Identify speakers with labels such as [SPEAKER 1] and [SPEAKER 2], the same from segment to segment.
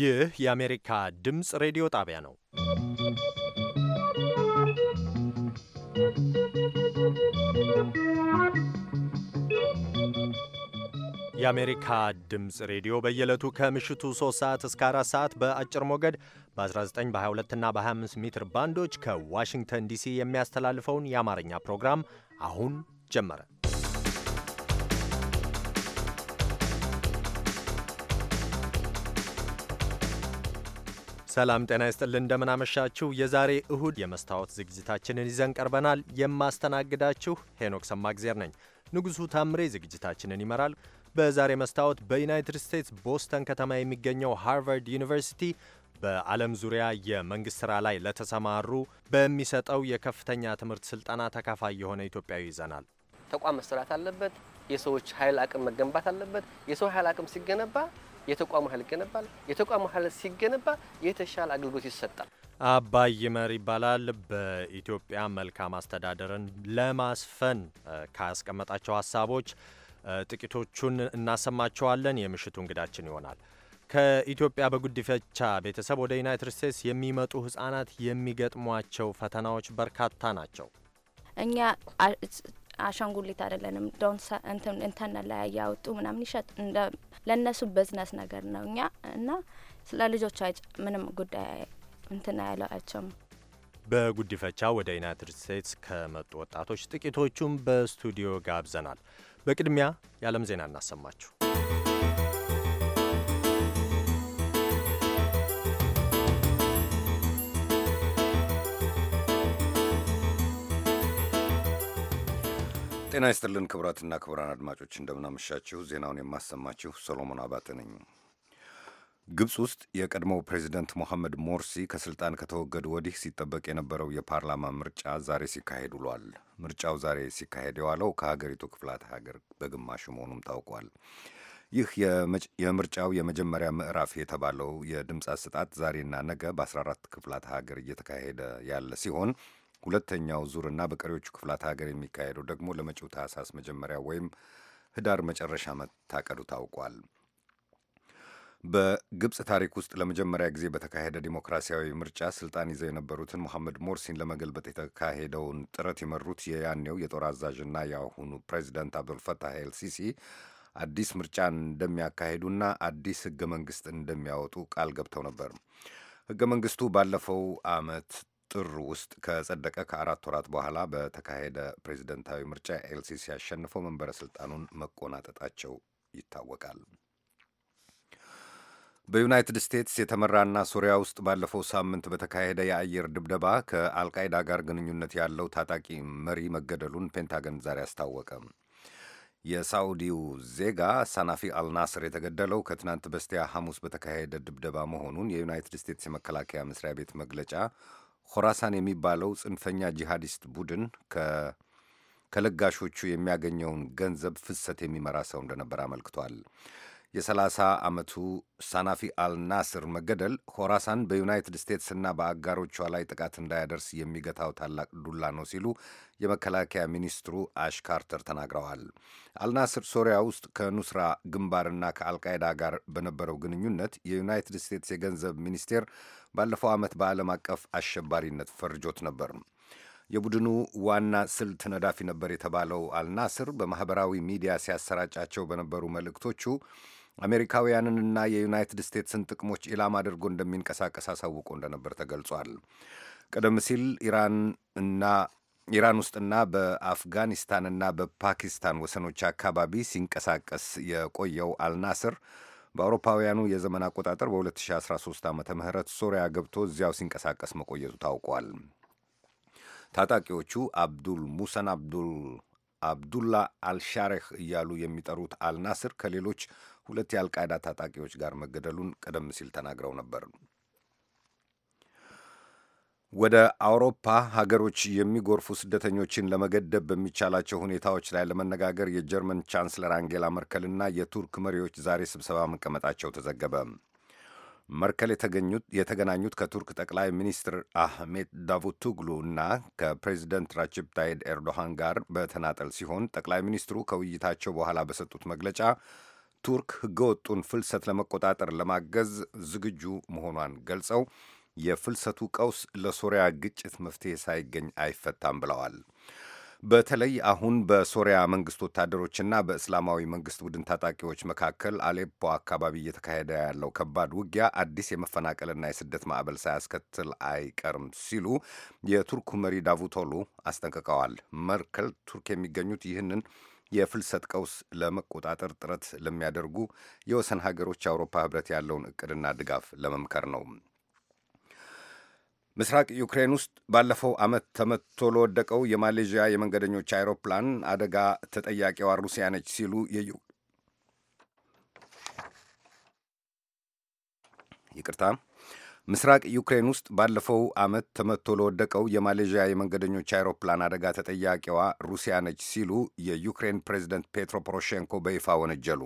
[SPEAKER 1] ይህ የአሜሪካ ድምፅ ሬዲዮ ጣቢያ ነው። የአሜሪካ ድምፅ ሬዲዮ በየዕለቱ ከምሽቱ 3 ሰዓት እስከ 4 ሰዓት በአጭር ሞገድ በ19 በ22 እና በ25 ሜትር ባንዶች ከዋሽንግተን ዲሲ የሚያስተላልፈውን የአማርኛ ፕሮግራም አሁን ጀመረ። ሰላም ጤና ይስጥልን፣ እንደምናመሻችሁ። የዛሬ እሁድ የመስታወት ዝግጅታችንን ይዘን ቀርበናል። የማስተናግዳችሁ ሄኖክ ሰማግዜር ነኝ። ንጉሡ ታምሬ ዝግጅታችንን ይመራል። በዛሬ መስታወት በዩናይትድ ስቴትስ ቦስተን ከተማ የሚገኘው ሃርቫርድ ዩኒቨርሲቲ በዓለም ዙሪያ የመንግሥት ሥራ ላይ ለተሰማሩ በሚሰጠው የከፍተኛ ትምህርት ሥልጠና ተካፋይ የሆነ ኢትዮጵያዊ ይዘናል።
[SPEAKER 2] ተቋም መሰራት አለበት። የሰዎች ኃይል አቅም መገንባት አለበት። የሰው ኃይል አቅም ሲገነባ የተቋሙ ኃይል ይገነባል። የተቋሙ ኃይል ሲገነባ የተሻለ አገልግሎት ይሰጣል።
[SPEAKER 1] አባይ ይመር ይባላል። በኢትዮጵያ መልካም አስተዳደርን ለማስፈን ካስቀመጣቸው ሀሳቦች ጥቂቶቹን እናሰማቸዋለን። የምሽቱ እንግዳችን ይሆናል። ከኢትዮጵያ በጉዲፈቻ ቤተሰብ ወደ ዩናይትድ ስቴትስ የሚመጡ ህጻናት የሚገጥሟቸው ፈተናዎች በርካታ ናቸው።
[SPEAKER 3] እኛ አሻንጉሊት አይደለንም። ዶንት እንተን ላይ ያወጡ ምናምን ይሸጥ ለእነሱ ብዝነስ ነገር ነው እኛ እና ስለ ልጆቹ ምንም ጉዳይ እንትን አይላቸውም።
[SPEAKER 1] በጉዲፈቻ ወደ ዩናይትድ ስቴትስ ከመጡ ወጣቶች ጥቂቶቹም በስቱዲዮ ጋብዘናል። በቅድሚያ የዓለም ዜና እናሰማችሁ።
[SPEAKER 4] ጤና ይስጥልን ክቡራትና ክቡራን አድማጮች እንደምናመሻችሁ። ዜናውን የማሰማችሁ ሶሎሞን አባተ ነኝ። ግብፅ ውስጥ የቀድሞው ፕሬዚደንት ሞሐመድ ሞርሲ ከስልጣን ከተወገዱ ወዲህ ሲጠበቅ የነበረው የፓርላማ ምርጫ ዛሬ ሲካሄድ ውሏል። ምርጫው ዛሬ ሲካሄድ የዋለው ከሀገሪቱ ክፍላት ሀገር በግማሹ መሆኑም ታውቋል። ይህ የምርጫው የመጀመሪያ ምዕራፍ የተባለው የድምፅ አሰጣጥ ዛሬና ነገ በ14 ክፍላት ሀገር እየተካሄደ ያለ ሲሆን ሁለተኛው ዙርና በቀሪዎቹ ክፍላት ሀገር የሚካሄደው ደግሞ ለመጪው ታህሳስ መጀመሪያ ወይም ህዳር መጨረሻ መታቀዱ ታውቋል። በግብፅ ታሪክ ውስጥ ለመጀመሪያ ጊዜ በተካሄደ ዲሞክራሲያዊ ምርጫ ስልጣን ይዘው የነበሩትን ሞሐመድ ሞርሲን ለመገልበጥ የተካሄደውን ጥረት የመሩት የያኔው የጦር አዛዥና የአሁኑ ፕሬዚዳንት አብዱልፈታህ ኤልሲሲ አዲስ ምርጫ እንደሚያካሄዱና አዲስ ህገ መንግስት እንደሚያወጡ ቃል ገብተው ነበር። ህገ መንግስቱ ባለፈው ዓመት ጥር ውስጥ ከጸደቀ ከአራት ወራት በኋላ በተካሄደ ፕሬዝደንታዊ ምርጫ ኤልሲሲ አሸንፈው መንበረ ስልጣኑን መቆናጠጣቸው ይታወቃል። በዩናይትድ ስቴትስ የተመራና ሱሪያ ውስጥ ባለፈው ሳምንት በተካሄደ የአየር ድብደባ ከአልቃይዳ ጋር ግንኙነት ያለው ታጣቂ መሪ መገደሉን ፔንታገን ዛሬ አስታወቀ። የሳውዲው ዜጋ ሳናፊ አልናስር የተገደለው ከትናንት በስቲያ ሐሙስ በተካሄደ ድብደባ መሆኑን የዩናይትድ ስቴትስ የመከላከያ መስሪያ ቤት መግለጫ ሆራሳን የሚባለው ጽንፈኛ ጂሃዲስት ቡድን ከለጋሾቹ የሚያገኘውን ገንዘብ ፍሰት የሚመራ ሰው እንደነበር አመልክቷል። የ30 ዓመቱ ሳናፊ አልናስር መገደል ሆራሳን በዩናይትድ ስቴትስና በአጋሮቿ ላይ ጥቃት እንዳያደርስ የሚገታው ታላቅ ዱላ ነው ሲሉ የመከላከያ ሚኒስትሩ አሽ ካርተር ተናግረዋል። አልናስር ሶሪያ ውስጥ ከኑስራ ግንባርና ከአልቃይዳ ጋር በነበረው ግንኙነት የዩናይትድ ስቴትስ የገንዘብ ሚኒስቴር ባለፈው ዓመት በዓለም አቀፍ አሸባሪነት ፈርጆት ነበር። የቡድኑ ዋና ስልት ነዳፊ ነበር የተባለው አልናስር በማኅበራዊ ሚዲያ ሲያሰራጫቸው በነበሩ መልእክቶቹ አሜሪካውያንንና የዩናይትድ ስቴትስን ጥቅሞች ኢላማ አድርጎ እንደሚንቀሳቀስ አሳውቆ እንደነበር ተገልጿል። ቀደም ሲል ኢራን እና ኢራን ውስጥና በአፍጋኒስታንና በፓኪስታን ወሰኖች አካባቢ ሲንቀሳቀስ የቆየው አልናስር በአውሮፓውያኑ የዘመን አቆጣጠር በ2013 ዓ ም ሶሪያ ገብቶ እዚያው ሲንቀሳቀስ መቆየቱ ታውቋል። ታጣቂዎቹ አብዱል ሙሰን አብዱል አብዱላ አልሻሬህ እያሉ የሚጠሩት አልናስር ከሌሎች ሁለት የአልቃይዳ ታጣቂዎች ጋር መገደሉን ቀደም ሲል ተናግረው ነበር። ወደ አውሮፓ ሀገሮች የሚጎርፉ ስደተኞችን ለመገደብ በሚቻላቸው ሁኔታዎች ላይ ለመነጋገር የጀርመን ቻንስለር አንጌላ መርከልና የቱርክ መሪዎች ዛሬ ስብሰባ መቀመጣቸው ተዘገበ። መርከል የተገናኙት ከቱርክ ጠቅላይ ሚኒስትር አህሜት ዳቡቱግሉ እና ከፕሬዚደንት ራጀብ ታይድ ኤርዶሃን ጋር በተናጠል ሲሆን ጠቅላይ ሚኒስትሩ ከውይይታቸው በኋላ በሰጡት መግለጫ ቱርክ ህገወጡን ፍልሰት ለመቆጣጠር ለማገዝ ዝግጁ መሆኗን ገልጸው የፍልሰቱ ቀውስ ለሶሪያ ግጭት መፍትሄ ሳይገኝ አይፈታም ብለዋል። በተለይ አሁን በሶሪያ መንግስት ወታደሮችና በእስላማዊ መንግስት ቡድን ታጣቂዎች መካከል አሌፖ አካባቢ እየተካሄደ ያለው ከባድ ውጊያ አዲስ የመፈናቀልና የስደት ማዕበል ሳያስከትል አይቀርም ሲሉ የቱርኩ መሪ ዳቡቶሉ አስጠንቅቀዋል። መርከል ቱርክ የሚገኙት ይህንን የፍልሰት ቀውስ ለመቆጣጠር ጥረት ለሚያደርጉ የወሰን ሀገሮች የአውሮፓ ህብረት ያለውን እቅድና ድጋፍ ለመምከር ነው። ምስራቅ ዩክሬን ውስጥ ባለፈው ዓመት ተመቶ ለወደቀው የማሌዥያ የመንገደኞች አይሮፕላን አደጋ ተጠያቂዋ ሩሲያ ነች ሲሉ ይቅርታ ምስራቅ ዩክሬን ውስጥ ባለፈው ዓመት ተመቶ ለወደቀው የማሌዥያ የመንገደኞች አይሮፕላን አደጋ ተጠያቂዋ ሩሲያ ነች ሲሉ የዩክሬን ፕሬዚደንት ፔትሮ ፖሮሼንኮ በይፋ ወነጀሉ።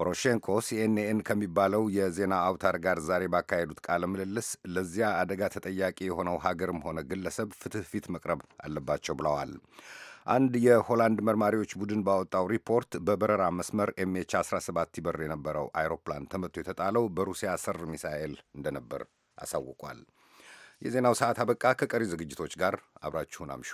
[SPEAKER 4] ፖሮሼንኮ ሲኤንኤን ከሚባለው የዜና አውታር ጋር ዛሬ ባካሄዱት ቃለ ምልልስ ለዚያ አደጋ ተጠያቂ የሆነው ሀገርም ሆነ ግለሰብ ፍትሕ ፊት መቅረብ አለባቸው ብለዋል። አንድ የሆላንድ መርማሪዎች ቡድን ባወጣው ሪፖርት በበረራ መስመር ኤምኤች 17 ይበር የነበረው አይሮፕላን ተመቶ የተጣለው በሩሲያ ሰር ሚሳኤል እንደነበር አሳውቋል። የዜናው ሰዓት አበቃ። ከቀሪ ዝግጅቶች ጋር አብራችሁን አምሹ።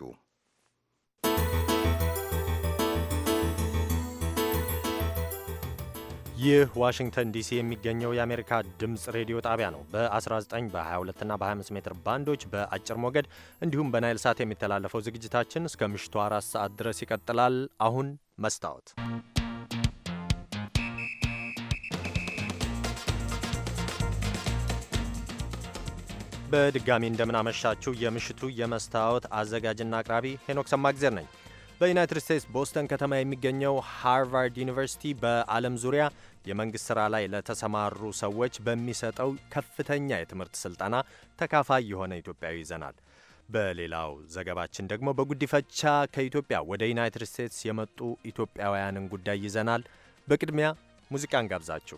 [SPEAKER 1] ይህ ዋሽንግተን ዲሲ የሚገኘው የአሜሪካ ድምፅ ሬዲዮ ጣቢያ ነው። በ19 በ22 እና በ25 ሜትር ባንዶች በአጭር ሞገድ እንዲሁም በናይል ሳት የሚተላለፈው ዝግጅታችን እስከ ምሽቱ አራት ሰዓት ድረስ ይቀጥላል። አሁን መስታወት በድጋሚ እንደምናመሻችሁ የምሽቱ የመስታወት አዘጋጅና አቅራቢ ሄኖክ ሰማግዜር ነኝ። በዩናይትድ ስቴትስ ቦስተን ከተማ የሚገኘው ሃርቫርድ ዩኒቨርሲቲ በዓለም ዙሪያ የመንግሥት ሥራ ላይ ለተሰማሩ ሰዎች በሚሰጠው ከፍተኛ የትምህርት ሥልጠና ተካፋይ የሆነ ኢትዮጵያዊ ይዘናል። በሌላው ዘገባችን ደግሞ በጉዲፈቻ ከኢትዮጵያ ወደ ዩናይትድ ስቴትስ የመጡ ኢትዮጵያውያንን ጉዳይ ይዘናል። በቅድሚያ ሙዚቃን ጋብዛችሁ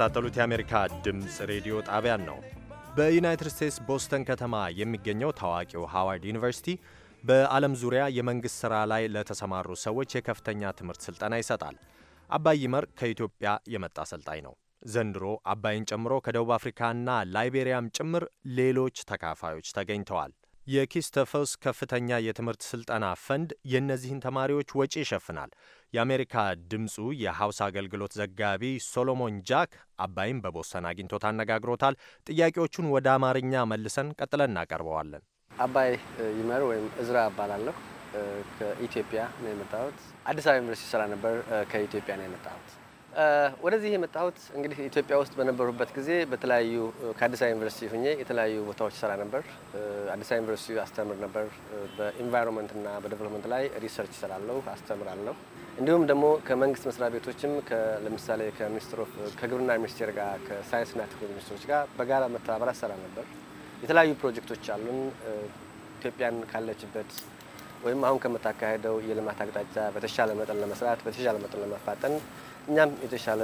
[SPEAKER 1] የምትከታተሉት የአሜሪካ ድምፅ ሬዲዮ ጣቢያን ነው። በዩናይትድ ስቴትስ ቦስተን ከተማ የሚገኘው ታዋቂው ሃዋርድ ዩኒቨርሲቲ በዓለም ዙሪያ የመንግሥት ሥራ ላይ ለተሰማሩ ሰዎች የከፍተኛ ትምህርት ሥልጠና ይሰጣል። አባይ ይመር ከኢትዮጵያ የመጣ አሰልጣኝ ነው። ዘንድሮ አባይን ጨምሮ ከደቡብ አፍሪካና ላይቤሪያም ጭምር ሌሎች ተካፋዮች ተገኝተዋል። የኪስተፈስ ከፍተኛ የትምህርት ሥልጠና ፈንድ የእነዚህን ተማሪዎች ወጪ ይሸፍናል። የአሜሪካ ድምፁ የሐውሳ አገልግሎት ዘጋቢ ሶሎሞን ጃክ አባይም በቦሰን አግኝቶት አነጋግሮታል። ጥያቄዎቹን ወደ አማርኛ መልሰን ቀጥለን እናቀርበዋለን።
[SPEAKER 2] አባይ ይመር ወይም እዝራ እባላለሁ። ከኢትዮጵያ ነው የመጣሁት። አዲስ አበባ ዩኒቨርሲቲ ስራ ነበር። ከኢትዮጵያ ነው የመጣሁት። ወደዚህ የመጣሁት እንግዲህ ኢትዮጵያ ውስጥ በነበሩበት ጊዜ በተለያዩ ከአዲስ አበባ ዩኒቨርሲቲ ሁኜ የተለያዩ ቦታዎች ስራ ነበር። አዲስ አበባ ዩኒቨርሲቲ አስተምር ነበር። በኢንቫይሮንመንትና በዴቨሎፕመንት ላይ ሪሰርች ስራለሁ፣ አስተምራለሁ። እንዲሁም ደግሞ ከመንግስት መስሪያ ቤቶችም ለምሳሌ ከሚኒስትሮ ከግብርና ሚኒስቴር ጋር ከሳይንስና ቴክኖሎጂ ሚኒስትሮች ጋር በጋራ መተባበር አሰራ ነበር። የተለያዩ ፕሮጀክቶች አሉን። ኢትዮጵያን ካለችበት ወይም አሁን ከምታካሄደው የልማት አቅጣጫ በተሻለ መጠን ለመስራት በተሻለ መጠን ለመፋጠን እኛም የተሻለ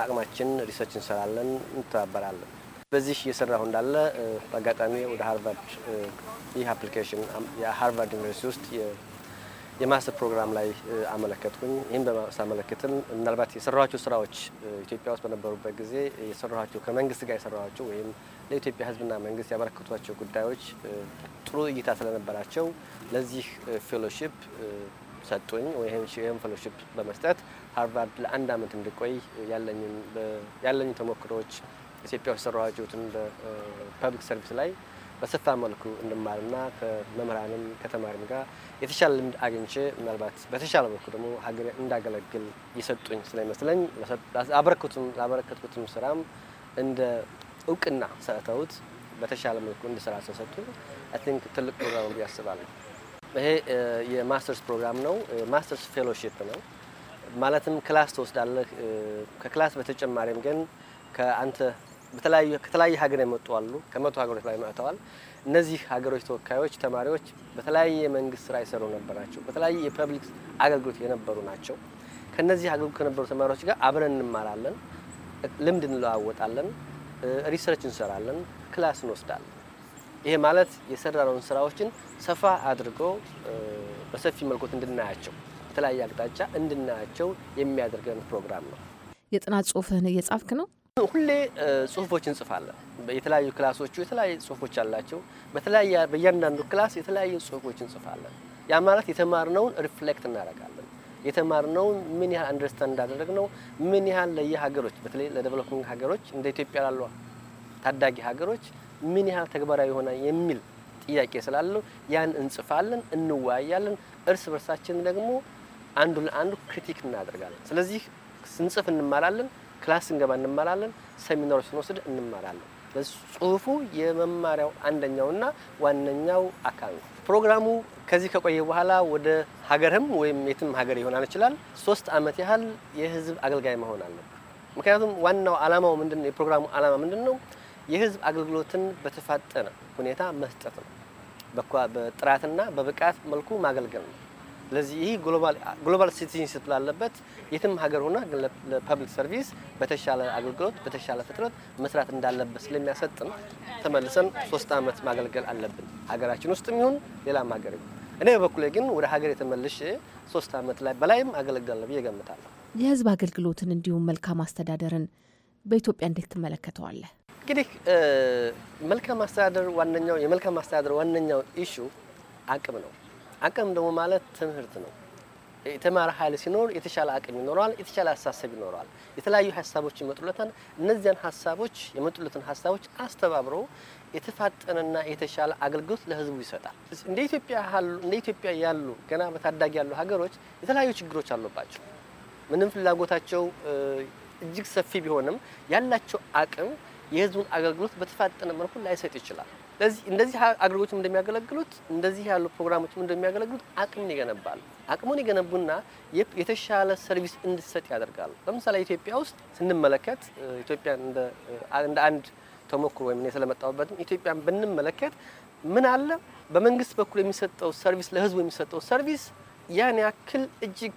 [SPEAKER 2] አቅማችን ሪሰርች እንሰራለን፣ እንተባበራለን። በዚህ እየሰራሁ እንዳለ በአጋጣሚ ወደ ሃርቫርድ ይህ አፕሊኬሽን የሃርቫርድ ዩኒቨርሲቲ ውስጥ የማስተር ፕሮግራም ላይ አመለከትኩኝ። ይህም ሳመለክትም ምናልባት የሰራኋቸው ስራዎች ኢትዮጵያ ውስጥ በነበሩበት ጊዜ የሰራኋቸው ከመንግስት ጋር የሰራኋቸው ወይም ለኢትዮጵያ ሕዝብና መንግስት ያበረከቷቸው ጉዳዮች ጥሩ እይታ ስለነበራቸው ለዚህ ፌሎሺፕ ሰጡኝ። ይህም ፌሎሺፕ በመስጠት ሃርቫርድ ለአንድ አመት እንድቆይ ያለኝ ተሞክሮዎች ኢትዮጵያ ውስጥ የሰራኋቸውን በፐብሊክ ሰርቪስ ላይ በሰፋ መልኩ እንድማርና ከመምህራንም ከተማሪም ጋር የተሻለ ልምድ አግኝቼ ምናልባት በተሻለ መልኩ ደግሞ ሀገር እንዳገለግል የሰጡኝ ስለሚመስለኝ ላበረከትኩትም ስራም እንደ እውቅና ሰጥተውት በተሻለ መልኩ እንድሰራ ስለሰጡ አይ ቲንክ ትልቅ ፕሮግራም ብዬ ይሄ የማስተርስ ፕሮግራም ነው። ማስተርስ ፌሎሺፕ ነው። ማለትም ክላስ ትወስዳለህ። ከክላስ በተጨማሪም ግን ከአንተ ከተለያየ ሀገር የመጡ አሉ። ከመቶ ሀገሮች ላይ መጥተዋል። እነዚህ ሀገሮች ተወካዮች ተማሪዎች በተለያየ የመንግስት ስራ የሰሩ ነበር ናቸው። በተለያየ የፐብሊክ አገልግሎት የነበሩ ናቸው። ከነዚህ አገልግሎት ከነበሩ ተማሪዎች ጋር አብረን እንማራለን፣ ልምድ እንለዋወጣለን፣ ሪሰርች እንሰራለን፣ ክላስ እንወስዳለን። ይሄ ማለት የሰራነውን ስራዎችን ሰፋ አድርጎ በሰፊ መልኮት እንድናያቸው በተለያየ አቅጣጫ እንድናያቸው የሚያደርገን ፕሮግራም ነው።
[SPEAKER 5] የጥናት ጽሁፍህን እየጻፍክ ነው? ሁሌ
[SPEAKER 2] ጽሁፎችን እንጽፋለን። የተለያዩ ክላሶቹ የተለያዩ ጽሁፎች አላቸው። በተለያየ በእያንዳንዱ ክላስ የተለያዩ ጽሁፎች እንጽፋለን። ያ ማለት የተማርነውን ሪፍሌክት እናደርጋለን። የተማርነውን ምን ያህል አንደርስታንድ እንዳደረግነው ምን ያህል ለየሀገሮች በተለይ ለዴቨሎፒንግ ሀገሮች እንደ ኢትዮጵያ ላሉ ታዳጊ ሀገሮች ምን ያህል ተግባራዊ የሆነ የሚል ጥያቄ ስላለው ያን እንጽፋለን፣ እንወያያለን። እርስ በርሳችን ደግሞ አንዱ ለአንዱ ክሪቲክ እናደርጋለን። ስለዚህ ስንጽፍ እንማራለን። ክላስ ስንገባ እንማራለን፣ ሰሚናሮች ስንወስድ እንመራለን። ጽሁፉ የመማሪያው አንደኛውና ዋነኛው አካል ነው። ፕሮግራሙ ከዚህ ከቆየ በኋላ ወደ ሀገርህም ወይም የትም ሀገር ይሆናል ይችላል። ሶስት አመት ያህል የህዝብ አገልጋይ መሆን አለብህ። ምክንያቱም ዋናው አላማው ምንድን ነው? የፕሮግራሙ ዓላማ ምንድን ነው? የህዝብ አገልግሎትን በተፋጠነ ሁኔታ መስጠት ነው። በጥራትና በብቃት መልኩ ማገልገል ነው። ስለዚህ ይህ ግሎባል ሲቲዝንሽፕ ላለበት የትም ሀገር ሆና ግን ለፐብሊክ ሰርቪስ በተሻለ አገልግሎት በተሻለ ፍጥነት መስራት እንዳለበት ስለሚያሰጥን ተመልሰን ሶስት ዓመት ማገልገል አለብን። ሀገራችን ውስጥ ይሁን ሌላም ሀገር እኔ በበኩሌ ግን ወደ ሀገር የተመልሽ ሶስት ዓመት ላይ በላይም አገለግላለሁ ብዬ እገምታለሁ።
[SPEAKER 5] የህዝብ አገልግሎትን እንዲሁም መልካም አስተዳደርን በኢትዮጵያ እንዴት ትመለከተዋለህ?
[SPEAKER 2] እንግዲህ መልካም አስተዳደር ዋነኛው የመልካም አስተዳደር ዋነኛው ኢሹ አቅም ነው። አቅም ደግሞ ማለት ትምህርት ነው። የተማረ ኃይል ሲኖር የተሻለ አቅም ይኖረዋል፣ የተሻለ ሀሳብ ይኖረዋል። የተለያዩ ሀሳቦች ይመጡለታል። እነዚያን ሀሳቦች የመጡለትን ሀሳቦች አስተባብሮ የተፋጠነና የተሻለ አገልግሎት ለህዝቡ ይሰጣል። እንደ ኢትዮጵያ እንደ ኢትዮጵያ ያሉ ገና በታዳጊ ያሉ ሀገሮች የተለያዩ ችግሮች አሉባቸው። ምንም ፍላጎታቸው እጅግ ሰፊ ቢሆንም ያላቸው አቅም የህዝቡን አገልግሎት በተፋጠነ መልኩ ላይሰጥ ይችላል። ስለዚህ እንደዚህ አገልግሎቶች እንደሚያገለግሉት እንደዚህ ያሉ ፕሮግራሞችም እንደሚያገለግሉት አቅምን ይገነባል። አቅሙን ይገነቡና የተሻለ ሰርቪስ እንድሰጥ ያደርጋል። ለምሳሌ ኢትዮጵያ ውስጥ ስንመለከት ኢትዮጵያ እንደ አንድ ተሞክሮ ወይም እኔ ስለመጣሁበትም ኢትዮጵያን ብንመለከት ምን አለ በመንግስት በኩል የሚሰጠው ሰርቪስ ለህዝቡ የሚሰጠው ሰርቪስ ያን ያክል እጅግ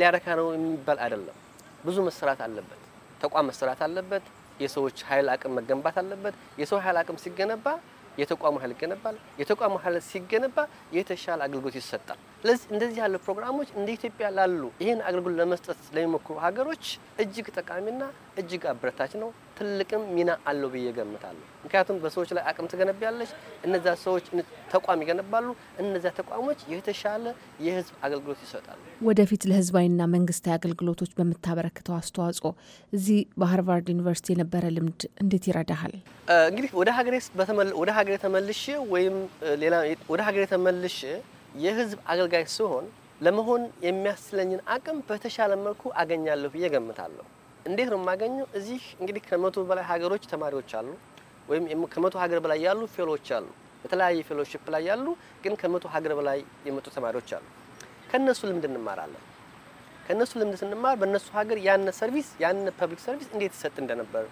[SPEAKER 2] ሊያረካ ነው የሚባል አይደለም። ብዙ መሰራት አለበት። ተቋም መሰራት አለበት። የሰዎች ኃይል አቅም መገንባት አለበት። የሰው ኃይል አቅም ሲገነባ የተቋሙ ኃይል ይገነባል። የተቋሙ ኃይል ሲገነባ የተሻለ አገልግሎት ይሰጣል። ስለዚህ እንደዚህ ያሉ ፕሮግራሞች እንደ ኢትዮጵያ ላሉ ይህን አገልግሎት ለመስጠት ለሚሞክሩ ሀገሮች እጅግ ጠቃሚና እጅግ አበረታች ነው። ትልቅም ሚና አለው ብዬ ገምታለሁ። ምክንያቱም በሰዎች ላይ አቅም ትገነቢያለች፣ እነዛ ሰዎች ተቋም ይገነባሉ፣ እነዚያ ተቋሞች የተሻለ የህዝብ አገልግሎት ይሰጣሉ።
[SPEAKER 6] ወደፊት ለህዝባዊና
[SPEAKER 5] መንግስታዊ አገልግሎቶች በምታበረክተው አስተዋጽኦ እዚህ በሀርቫርድ ዩኒቨርሲቲ የነበረ ልምድ እንዴት ይረዳሃል?
[SPEAKER 2] እንግዲህ ወደ ሀገሬ ተመልሼ ወይም ሌላ ወደ ሀገሬ ተመልሼ የህዝብ አገልጋይ ስሆን ለመሆን የሚያስችለኝን አቅም በተሻለ መልኩ አገኛለሁ ብዬ ገምታለሁ። እንዴት ነው የማገኘው? እዚህ እንግዲህ ከመቶ በላይ ሀገሮች ተማሪዎች አሉ፣ ወይም ከመቶ ሀገር በላይ ያሉ ፌሎዎች አሉ። በተለያየ ፌሎሽፕ ላይ ያሉ ግን ከመቶ ሀገር በላይ የመጡ ተማሪዎች አሉ። ከእነሱ ልምድ እንማራለን። ከእነሱ ልምድ ስንማር በእነሱ ሀገር ያነ ሰርቪስ ያነ ፐብሊክ ሰርቪስ እንዴት ይሰጥ እንደነበር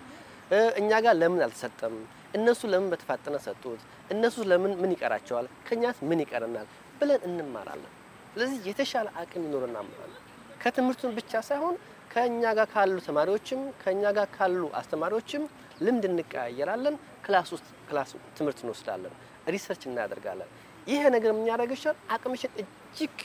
[SPEAKER 2] እኛ ጋር ለምን አልተሰጠም? እነሱ ለምን በተፋጠነ ሰጡት? እነሱ ለምን ምን ይቀራቸዋል? ከኛስ ምን ይቀረናል? ብለን እንማራለን። ስለዚህ የተሻለ አቅም ይኖረና ማለት ከትምህርቱን ብቻ ሳይሆን ከኛ ጋር ካሉ ተማሪዎችም ከኛ ጋር ካሉ አስተማሪዎችም ልምድ እንቀያየራለን። ክላስ ውስጥ ክላስ ትምህርት እንወስዳለን፣ ሪሰርች እናደርጋለን። ይሄ ነገር የሚያደርግሻል አቅምሽን እጅግ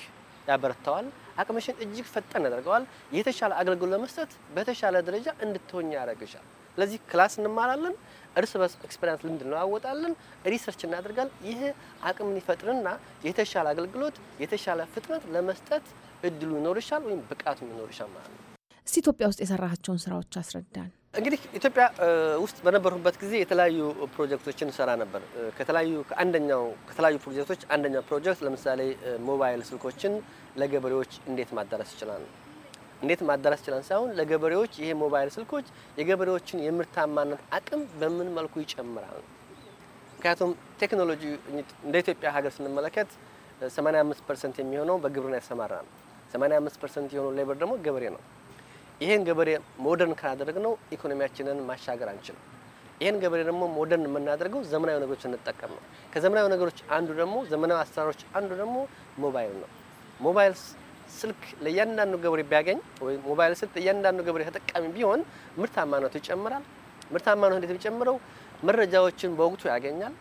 [SPEAKER 2] ያበረታዋል። አቅምሽን እጅግ ፈጣን ያደርገዋል። የተሻለ አገልግሎት ለመስጠት በተሻለ ደረጃ እንድትሆኝ ያደርግሻል። ስለዚህ ክላስ እንማራለን፣ እርስ በርስ ኤክስፔሪንስ ልምድ እንለዋወጣለን፣ ሪሰርች እናደርጋል። ይህ አቅምን ይፈጥርና የተሻለ አገልግሎት የተሻለ ፍጥነት ለመስጠት እድሉ ይኖርሻል ወይም ብቃቱ ይኖርሻል ማለት ነው።
[SPEAKER 5] እስቲ ኢትዮጵያ ውስጥ የሰራቸውን ስራዎች አስረዳን።
[SPEAKER 2] እንግዲህ ኢትዮጵያ ውስጥ በነበርሁበት ጊዜ የተለያዩ ፕሮጀክቶችን እሰራ ነበር። ከተለያዩ ከአንደኛው ከተለያዩ ፕሮጀክቶች አንደኛው ፕሮጀክት ለምሳሌ ሞባይል ስልኮችን ለገበሬዎች እንዴት ማዳረስ ይችላል ነው እንዴት ማዳረስ ይችላል ሳይሆን ለገበሬዎች ይሄ ሞባይል ስልኮች የገበሬዎችን የምርታማነት አቅም በምን መልኩ ይጨምራል? ምክንያቱም ቴክኖሎጂ እንደ ኢትዮጵያ ሀገር ስንመለከት 85 ፐርሰንት የሚሆነው በግብርና የተሰማራ ነው። 85 ፐርሰንት የሆነው ሌበር ደግሞ ገበሬ ነው። ይህን ገበሬ ሞደርን ካላደረግነው ኢኮኖሚያችንን ማሻገር አንችልም። ይህን ገበሬ ደግሞ ሞደርን የምናደርገው ዘመናዊ ነገሮች እንጠቀም ነው። ከዘመናዊ ነገሮች አንዱ ደግሞ ዘመናዊ አሰራሮች አንዱ ደግሞ ሞባይል ነው። ሞባይል ስልክ ለእያንዳንዱ ገበሬ ቢያገኝ ወይ ሞባይል ስልክ ለእያንዳንዱ ገበሬ ተጠቃሚ ቢሆን ምርታማነቱ ይጨምራል። ምርታማነቱ እንዴት የሚጨምረው መረጃዎችን በወቅቱ ያገኛል።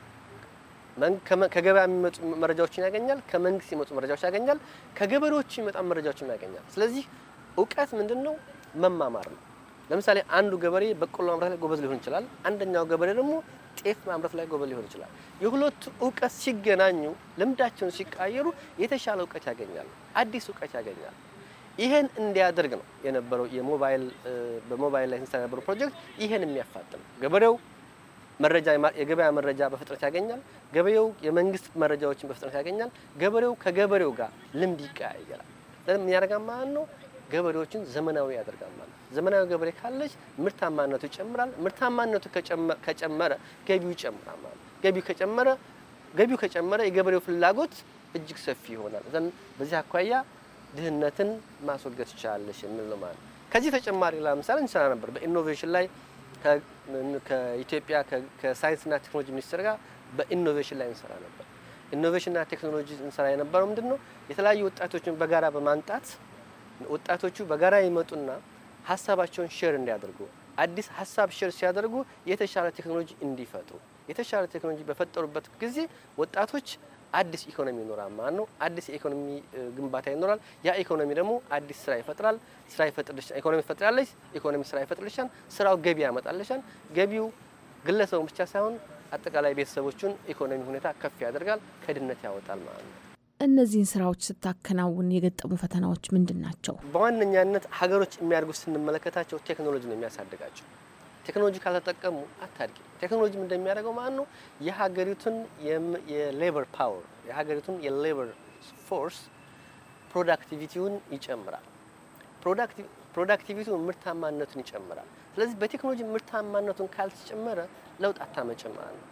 [SPEAKER 2] ከገበያ የሚመጡ መረጃዎችን ያገኛል። ከመንግስት የሚመጡ መረጃዎች ያገኛል። ከገበሬዎች የሚመጣ መረጃዎችን ያገኛል። ስለዚህ እውቀት ምንድን ነው? መማማር ነው። ለምሳሌ አንዱ ገበሬ በቆሎ ማምረት ላይ ጎበዝ ሊሆን ይችላል። አንደኛው ገበሬ ደግሞ ጤፍ ማምረት ላይ ጎበል ሊሆን ይችላል። የሁለቱ እውቀት ሲገናኙ፣ ልምዳቸውን ሲቀያየሩ የተሻለ እውቀት ያገኛሉ፣ አዲስ እውቀት ያገኛሉ። ይህን እንዲያደርግ ነው የነበረው የሞባይል በሞባይል ላይ ስንሰራ የነበረው ፕሮጀክት ይህን የሚያፋጥም ገበሬው መረጃ የገበያ መረጃ በፍጥነት ያገኛል። ገበሬው የመንግስት መረጃዎችን በፍጥነት ያገኛል። ገበሬው ከገበሬው ጋር ልምድ ይቀያየራል። ምን ማለት ነው? ገበሬዎችን ዘመናዊ ያደርጋል ማለት ዘመናዊ ገበሬ ካለች ምርታማነቱ ይጨምራል። ምርታማነቱ ከጨመረ ገቢው ይጨምራል ማለት ገቢው ከጨመረ ገቢው ከጨመረ የገበሬው ፍላጎት እጅግ ሰፊ ይሆናል። በዚህ አኳያ ድህነትን ማስወገድ ትችላለች የሚል ነው ማለት ከዚህ ተጨማሪ ለምሳሌ እንሰራ ነበር በኢኖቬሽን ላይ ከኢትዮጵያ ከሳይንስና ቴክኖሎጂ ሚኒስቴር ጋር በኢኖቬሽን ላይ እንሰራ ነበር። ኢኖቬሽንና ቴክኖሎጂ እንሰራ የነበረው ምንድን ነው? የተለያዩ ወጣቶችን በጋራ በማምጣት ወጣቶቹ በጋራ ይመጡና ሀሳባቸውን ሼር እንዲያደርጉ አዲስ ሀሳብ ሼር ሲያደርጉ የተሻለ ቴክኖሎጂ እንዲፈጥሩ የተሻለ ቴክኖሎጂ በፈጠሩበት ጊዜ ወጣቶች አዲስ ኢኮኖሚ ይኖራል ማለት ነው። አዲስ የኢኮኖሚ ግንባታ ይኖራል። ያ ኢኮኖሚ ደግሞ አዲስ ስራ ይፈጥራል። ስራ ይፈጥርልሻል፣ ኢኮኖሚ ይፈጥራለች፣ ኢኮኖሚ ስራ ይፈጥርልሻል፣ ስራው ገቢ ያመጣልሻል። ገቢው ግለሰቡን ብቻ ሳይሆን አጠቃላይ ቤተሰቦቹን ኢኮኖሚ ሁኔታ ከፍ ያደርጋል፣ ከድነት ያወጣል ማለት
[SPEAKER 5] ነው። እነዚህን ስራዎች ስታከናውን የገጠሙ ፈተናዎች ምንድን ናቸው?
[SPEAKER 2] በዋነኛነት ሀገሮች የሚያድጉት ስንመለከታቸው ቴክኖሎጂ ነው የሚያሳድጋቸው። ቴክኖሎጂ ካልተጠቀሙ አታድቂ። ቴክኖሎጂ እንደሚያደርገው ማለት ነው የሀገሪቱን የሌበር ፓወር የሀገሪቱን የሌበር ፎርስ ፕሮዳክቲቪቲውን ይጨምራል። ፕሮዳክቲቪቲውን ምርታማነቱን ይጨምራል። ስለዚህ በቴክኖሎጂ ምርታማነቱን ካልተጨመረ ለውጥ አታመጭም ማለት ነው።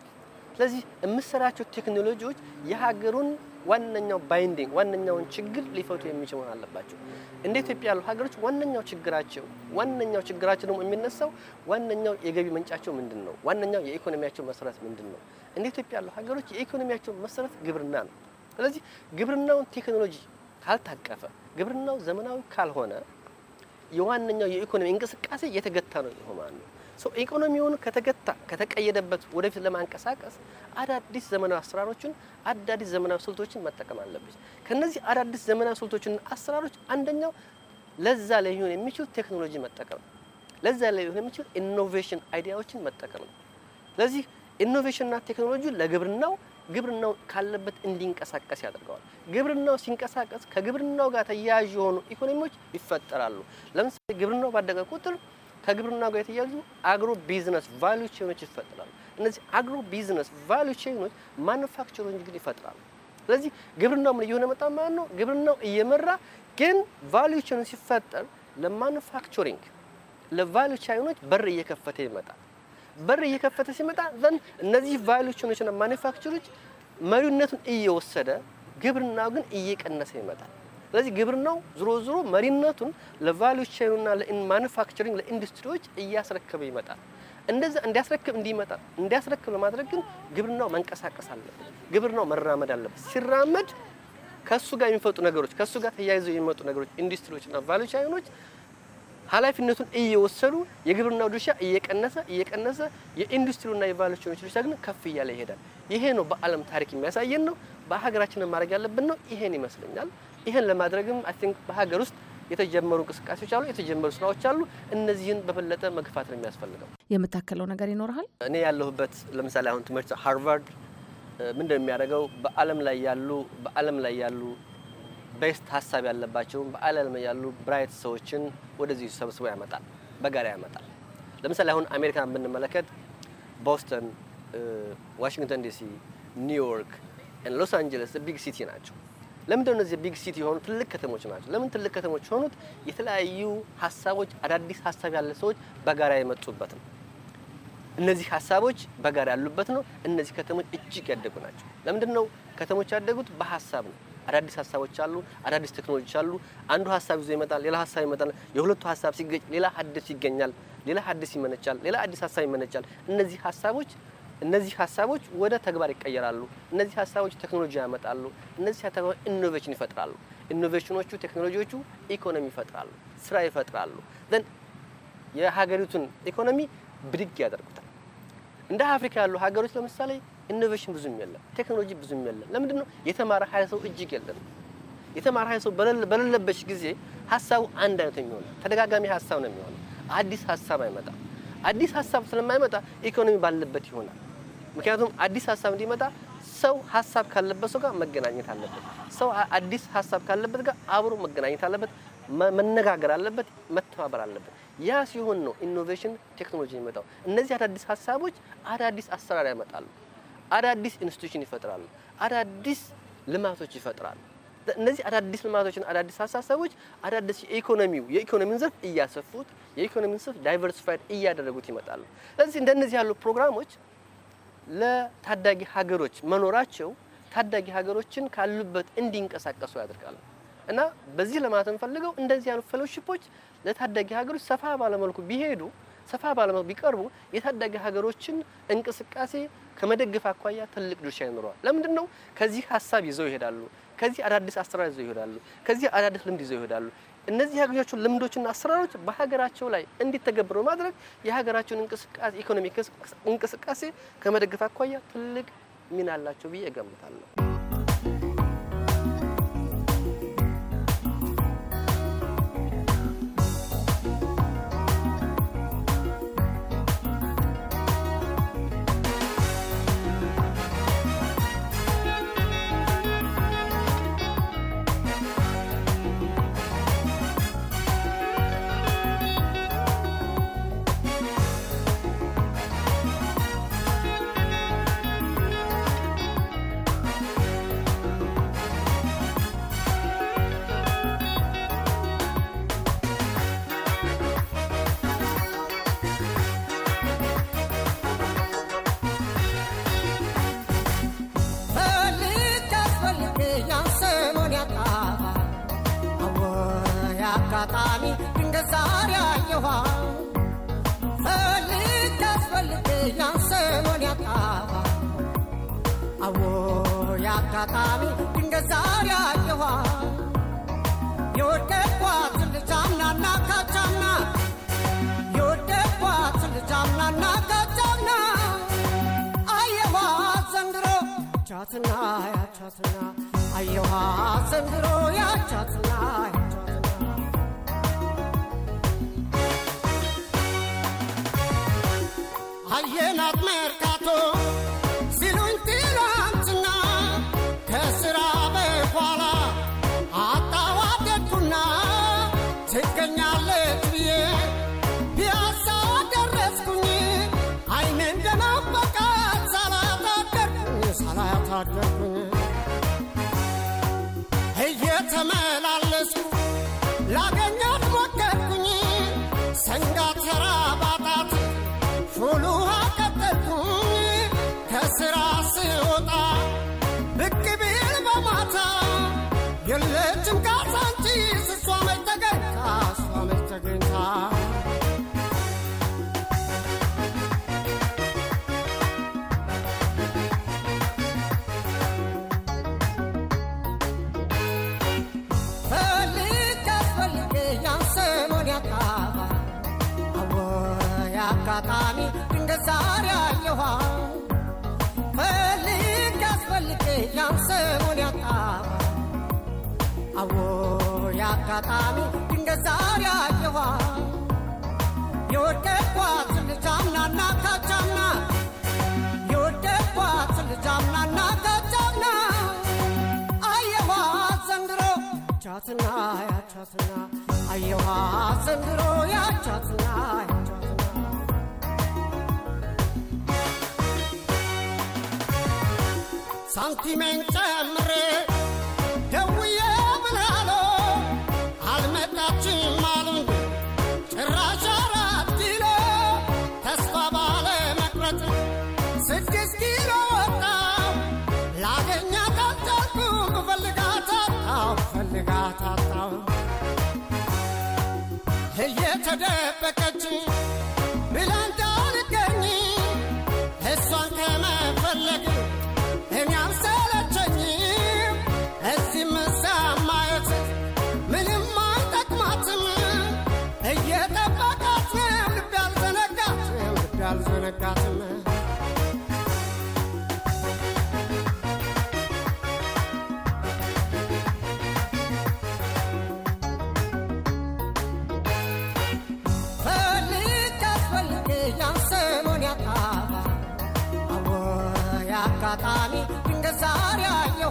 [SPEAKER 2] ስለዚህ የምሰራቸው ቴክኖሎጂዎች የሀገሩን ዋነኛው ባይንዲንግ ዋነኛውን ችግር ሊፈቱ የሚችል መሆን አለባቸው። እንደ ኢትዮጵያ ያሉ ሀገሮች ዋነኛው ችግራቸው ዋነኛው ችግራቸው ደግሞ የሚነሳው ዋነኛው የገቢ ምንጫቸው ምንድን ነው? ዋነኛው የኢኮኖሚያቸው መሰረት ምንድን ነው? እንደ ኢትዮጵያ ያሉ ሀገሮች የኢኮኖሚያቸው መሰረት ግብርና ነው። ስለዚህ ግብርናውን ቴክኖሎጂ ካልታቀፈ፣ ግብርናው ዘመናዊ ካልሆነ የዋነኛው የኢኮኖሚ እንቅስቃሴ የተገታ ነው ነው ኢኮኖሚውን ከተገታ ከተቀየደበት ወደፊት ለማንቀሳቀስ አዳዲስ ዘመናዊ አሰራሮችን አዳዲስ ዘመናዊ ስልቶችን መጠቀም አለብች። ከነዚህ አዳዲስ ዘመናዊ ስልቶችና አሰራሮች አንደኛው ለዛ ሊሆን የሚችል ቴክኖሎጂ መጠቀም ነው። ለዛ ሊሆን የሚችል ኢኖቬሽን አይዲያዎችን መጠቀም ነው። ስለዚህ ኢኖቬሽንና ቴክኖሎጂ ለግብርናው ግብርናው ካለበት እንዲንቀሳቀስ ያደርገዋል። ግብርናው ሲንቀሳቀስ ከግብርናው ጋር ተያያዥ የሆኑ ኢኮኖሚዎች ይፈጠራሉ። ለምሳሌ ግብርናው ባደገ ቁጥር ከግብርና ጋር የተያያዙ አግሮ ቢዝነስ ቫሉ ቼኖች ይፈጥራሉ። እነዚህ አግሮ ቢዝነስ ቫሉ ቼኖች ማኑፋክቸሪንግ ግን ይፈጥራሉ። ስለዚህ ግብርናው ምን እየሆነ መጣ ማለት ነው? ግብርናው እየመራ ግን ቫሉ ቼኑ ሲፈጠር ለማኑፋክቸሪንግ ለቫሉ ቻይኖች በር እየከፈተ ይመጣል። በር እየከፈተ ሲመጣ ዘን እነዚህ ቫልዩ ቼኖችና ማኑፋክቸሮች መሪነቱን እየወሰደ ግብርናው ግን እየቀነሰ ይመጣል። ስለዚህ ግብርናው ዝሮ ዝሮ መሪነቱን ለቫሊዩ ቼኑና ለማኑፋክቸሪንግ ለኢንዱስትሪዎች እያስረከበ ይመጣል። እንደዛ እንዲያስረክብ እንዲመጣ እንዲያስረክብ ለማድረግ ግን ግብርናው መንቀሳቀስ አለበት። ግብርናው መራመድ አለበት። ሲራመድ ከሱ ጋር የሚፈጡ ነገሮች ከሱ ጋር ተያይዘው የሚመጡ ነገሮች ኢንዱስትሪዎችና ቫሊዩ ቼኖች ኃላፊነቱን እየወሰዱ የግብርናው ድርሻ እየቀነሰ እየቀነሰ የኢንዱስትሪውና የቫሊዩ ቼኖች ድርሻ ግን ከፍ እያለ ይሄዳል። ይሄ ነው በዓለም ታሪክ የሚያሳየን ነው። በሀገራችን ማድረግ ያለብን ነው። ይሄን ይመስለኛል። ይህን ለማድረግም አይ ቲንክ በሀገር ውስጥ የተጀመሩ እንቅስቃሴዎች አሉ፣ የተጀመሩ ስራዎች አሉ። እነዚህን በበለጠ መግፋት ነው የሚያስፈልገው።
[SPEAKER 5] የምታከለው ነገር ይኖርሃል።
[SPEAKER 2] እኔ ያለሁበት ለምሳሌ አሁን ትምህርት ሃርቫርድ ምንድን ነው የሚያደርገው በዓለም ላይ ያሉ በዓለም ላይ ያሉ ቤስት ሀሳብ ያለባቸውን በዓለም ላይ ያሉ ብራይት ሰዎችን ወደዚህ ሰብስቦ ያመጣል፣ በጋራ ያመጣል። ለምሳሌ አሁን አሜሪካን ብንመለከት ቦስተን፣ ዋሽንግተን ዲሲ፣ ኒውዮርክ፣ ሎስ አንጀለስ ቢግ ሲቲ ናቸው። ለምንድነው እነዚህ ቢግ ሲቲ የሆኑ ትልቅ ከተሞች ናቸው። ለምን ትልቅ ከተሞች የሆኑት? የተለያዩ ሀሳቦች፣ አዳዲስ ሀሳብ ያለ ሰዎች በጋራ የመጡበት ነው። እነዚህ ሀሳቦች በጋራ ያሉበት ነው። እነዚህ ከተሞች እጅግ ያደጉ ናቸው። ለምንድነው ከተሞች ያደጉት? በሀሳብ ነው። አዳዲስ ሀሳቦች አሉ። አዳዲስ ቴክኖሎጂዎች አሉ። አንዱ ሀሳብ ይዞ ይመጣል፣ ሌላ ሀሳብ ይመጣል። የሁለቱ ሀሳብ ሲገጭ ሌላ ሀዲስ ይገኛል፣ ሌላ ሀዲስ ይመነጫል፣ ሌላ አዲስ ሀሳብ ይመነጫል። እነዚህ ሀሳቦች እነዚህ ሀሳቦች ወደ ተግባር ይቀየራሉ። እነዚህ ሀሳቦች ቴክኖሎጂ ያመጣሉ። እነዚህ ተግባሮች ኢኖቬሽን ይፈጥራሉ። ኢኖቬሽኖቹ፣ ቴክኖሎጂዎቹ ኢኮኖሚ ይፈጥራሉ፣ ስራ ይፈጥራሉ። ዘን የሀገሪቱን ኢኮኖሚ ብድግ ያደርጉታል። እንደ አፍሪካ ያሉ ሀገሮች ለምሳሌ ኢኖቬሽን ብዙም የለም፣ ቴክኖሎጂ ብዙም የለም። ለምንድን ነው? የተማረ ሀይል ሰው እጅግ የለም። የተማረ ሀይል ሰው በሌለበት ጊዜ ሀሳቡ አንድ አይነት የሚሆነ ተደጋጋሚ ሀሳብ ነው የሚሆነው። አዲስ ሀሳብ አይመጣም። አዲስ ሀሳብ ስለማይመጣ ኢኮኖሚ ባለበት ይሆናል። ምክንያቱም አዲስ ሀሳብ እንዲመጣ ሰው ሀሳብ ካለበት ሰው ጋር መገናኘት አለበት። ሰው አዲስ ሀሳብ ካለበት ጋር አብሮ መገናኘት አለበት፣ መነጋገር አለበት፣ መተባበር አለበት። ያ ሲሆን ነው ኢኖቬሽን ቴክኖሎጂ የሚመጣው። እነዚህ አዳዲስ ሀሳቦች አዳዲስ አሰራር ያመጣሉ፣ አዳዲስ ኢንስቲቱሽን ይፈጥራሉ፣ አዳዲስ ልማቶች ይፈጥራሉ። እነዚህ አዳዲስ ልማቶችን፣ አዳዲስ ሀሳቦች፣ አዳዲስ የኢኮኖሚው የኢኮኖሚን ዘርፍ እያሰፉት የኢኮኖሚን ዘርፍ ዳይቨርሲፋይድ እያደረጉት ይመጣሉ። ስለዚህ እንደነዚህ ያሉ ፕሮግራሞች ለታዳጊ ሀገሮች መኖራቸው ታዳጊ ሀገሮችን ካሉበት እንዲንቀሳቀሱ ያደርጋል እና በዚህ ለማለት ፈልገው እንደዚህ አይነት ፌሎሺፖች ለታዳጊ ሀገሮች ሰፋ ባለመልኩ ቢሄዱ ሰፋ ባለመልኩ ቢቀርቡ የታዳጊ ሀገሮችን እንቅስቃሴ ከመደገፍ አኳያ ትልቅ ድርሻ ይኖረዋል። ለምንድን ነው? ከዚህ ሀሳብ ይዘው ይሄዳሉ። ከዚህ አዳዲስ አሰራር ይዘው ይሄዳሉ። ከዚህ አዳዲስ ልምድ ይዘው ይሄዳሉ። እነዚህ የሀገሮቹን ልምዶችና አሰራሮች በሀገራቸው ላይ እንዲተገብሩ ማድረግ የሀገራቸውን እንቅስቃሴ ኢኮኖሚ እንቅስቃሴ ከመደገፍ አኳያ ትልቅ ሚና አላቸው ብዬ እገምታለሁ።
[SPEAKER 7] ሰንዝሮ ያቻትና छोलू ከስራ ስወጣ ብቅ ቢል በማታ የለችም ውሃ ፈልግ ያስፈልግ ያንሰሙን ያጣ አዎ ያጋጣሚ ድንገት ዛሬ አየኋ የወደድኳት ልጅ አምናና ካቻምና የወደድኳት ልጅ ዘንድሮ ያቻትና ዘንድሮ ያቻትና sentimental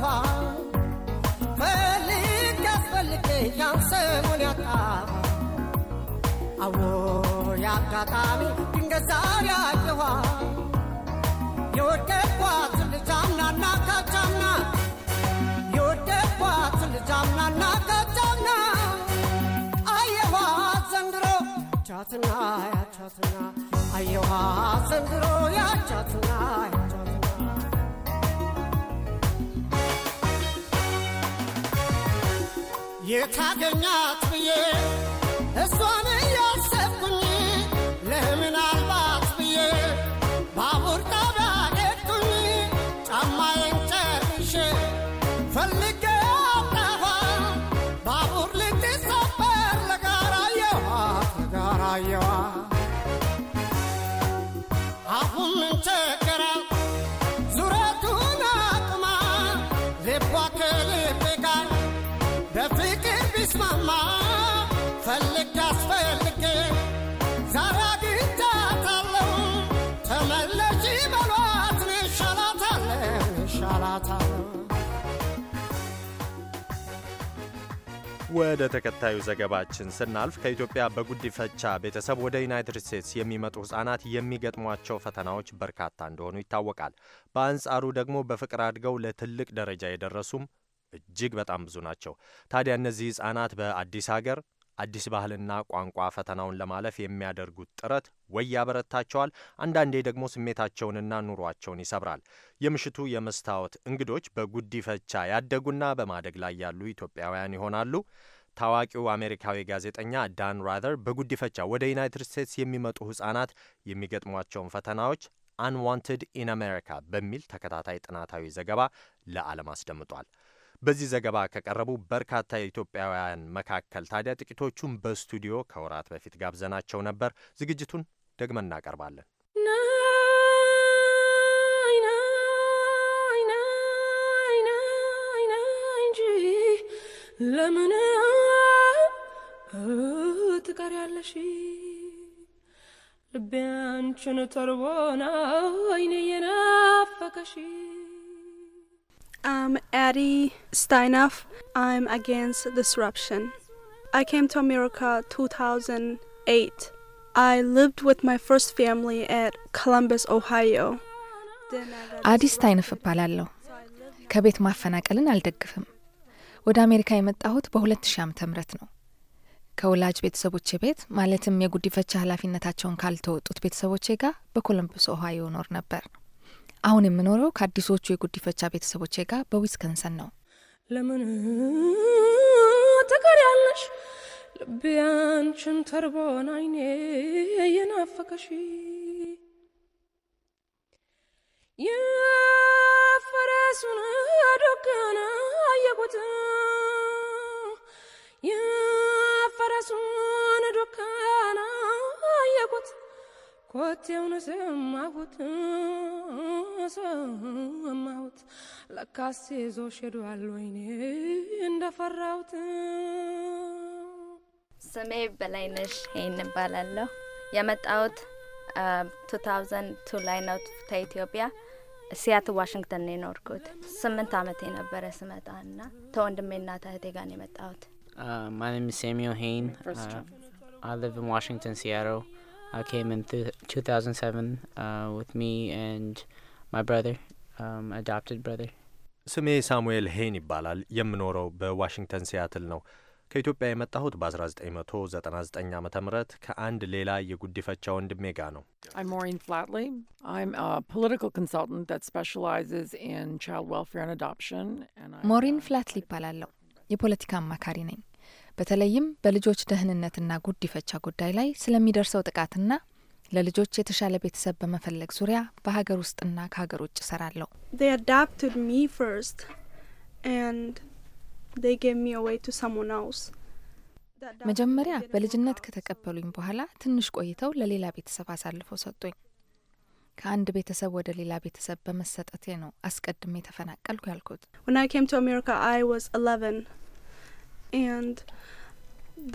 [SPEAKER 7] ውሃ ፈልግ ያስፈልገ ያንሰሙን ያጣ አዎ ያጋጣሚ ድንገት ዛሬ አየኋ የወደድኳት ልጅ አምናና ካቻምና የወደድኳት ልጅ አምናና ካቻምና አየኋት ዘንድሮ ያቻትና ያቻትና አየኋት ዘንድሮ ያቻትና ያቻ የታገኛት ብዬ እሷን
[SPEAKER 1] ወደ ተከታዩ ዘገባችን ስናልፍ ከኢትዮጵያ በጉዲፈቻ ቤተሰብ ወደ ዩናይትድ ስቴትስ የሚመጡ ህጻናት የሚገጥሟቸው ፈተናዎች በርካታ እንደሆኑ ይታወቃል። በአንጻሩ ደግሞ በፍቅር አድገው ለትልቅ ደረጃ የደረሱም እጅግ በጣም ብዙ ናቸው። ታዲያ እነዚህ ህጻናት በአዲስ ሀገር አዲስ ባህልና ቋንቋ ፈተናውን ለማለፍ የሚያደርጉት ጥረት ወይ ያበረታቸዋል፣ አንዳንዴ ደግሞ ስሜታቸውንና ኑሯቸውን ይሰብራል። የምሽቱ የመስታወት እንግዶች በጉዲፈቻ ያደጉና በማደግ ላይ ያሉ ኢትዮጵያውያን ይሆናሉ። ታዋቂው አሜሪካዊ ጋዜጠኛ ዳን ራዘር በጉዲፈቻ ወደ ዩናይትድ ስቴትስ የሚመጡ ሕጻናት የሚገጥሟቸውን ፈተናዎች አንዋንትድ ኢን አሜሪካ በሚል ተከታታይ ጥናታዊ ዘገባ ለዓለም አስደምጧል። በዚህ ዘገባ ከቀረቡ በርካታ የኢትዮጵያውያን መካከል ታዲያ ጥቂቶቹም በስቱዲዮ ከወራት በፊት ጋብዘናቸው ነበር። ዝግጅቱን ደግመን እናቀርባለን።
[SPEAKER 5] ለምን
[SPEAKER 6] ትቀሪያለሽ? ልቤ አንቺን ተርቦና አይኔ የናፈቀሽ I'm um, Eddie Steinoff. I'm against disruption. I came to America 2008. I lived with my first family at Columbus, Ohio.
[SPEAKER 5] አዲ ስታይነፍ እባላለሁ። ከቤት ማፈናቀልን አልደግፍም። ወደ አሜሪካ የመጣሁት በ2000 ዓ. ምህረት ነው። ከወላጅ ቤተሰቦቼ ቤት ማለትም የጉዲፈቻ ኃላፊነታቸውን ካልተወጡት ቤተሰቦቼ ጋር በኮሎምበስ ኦሃዮ ኖር ነበር። አሁን የምኖረው ከአዲሶቹ የጉዲፈቻ ቤተሰቦቼ ጋር በዊስከንሰን ነው።
[SPEAKER 6] ለምን ትቀሪያለሽ ልቤ አንቺን ተርቦን አይኔ የናፈቀሽ የፈረሱን ዶጋና
[SPEAKER 8] አየቁት የፈረሱን
[SPEAKER 5] ዶጋና አየቁት ኮቴውን ሰማሁት ሰማሁት ለካስ ይዞሽ ሄዷል ወይኔ እንደፈራሁት። ስሜ
[SPEAKER 3] በላይነሽ ይን እባላለሁ። የመጣሁት ቱ ታውዘንድ ቱ ላይ ነው ከኢትዮጵያ ሲያት ዋሽንግተን ነው የኖርኩት። ስምንት አመት የነበረ ስመጣ ና ተወንድሜና እህቴ ጋር ነው የመጣሁት።
[SPEAKER 9] ማንም ሴሚዮ ሄን አይ ሊቭ ኢን ዋሽንግተን ሲያትል I came in th- 2007 uh, with me and my brother, um, adopted brother.
[SPEAKER 1] ስሜ ሳሙኤል ሄን ይባላል። የምኖረው በዋሽንግተን ሲያትል ነው። ከኢትዮጵያ የመጣሁት በ1999 ዓ ም ከአንድ ሌላ የጉዲፈቻ ወንድሜ ጋ ነው።
[SPEAKER 5] ሞሪን ፍላትሊ ይባላለሁ። የፖለቲካ አማካሪ ነኝ። በተለይም በልጆች ደህንነትና ጉዲፈቻ ጉዳይ ላይ ስለሚደርሰው ጥቃትና ለልጆች የተሻለ ቤተሰብ በመፈለግ ዙሪያ በሀገር ውስጥና ከሀገር ውጭ እሰራለሁ። መጀመሪያ በልጅነት ከተቀበሉኝ በኋላ ትንሽ ቆይተው ለሌላ ቤተሰብ አሳልፈው ሰጡኝ። ከአንድ ቤተሰብ ወደ ሌላ ቤተሰብ በመሰጠቴ ነው አስቀድሜ ተፈናቀልኩ ያልኩት።
[SPEAKER 6] and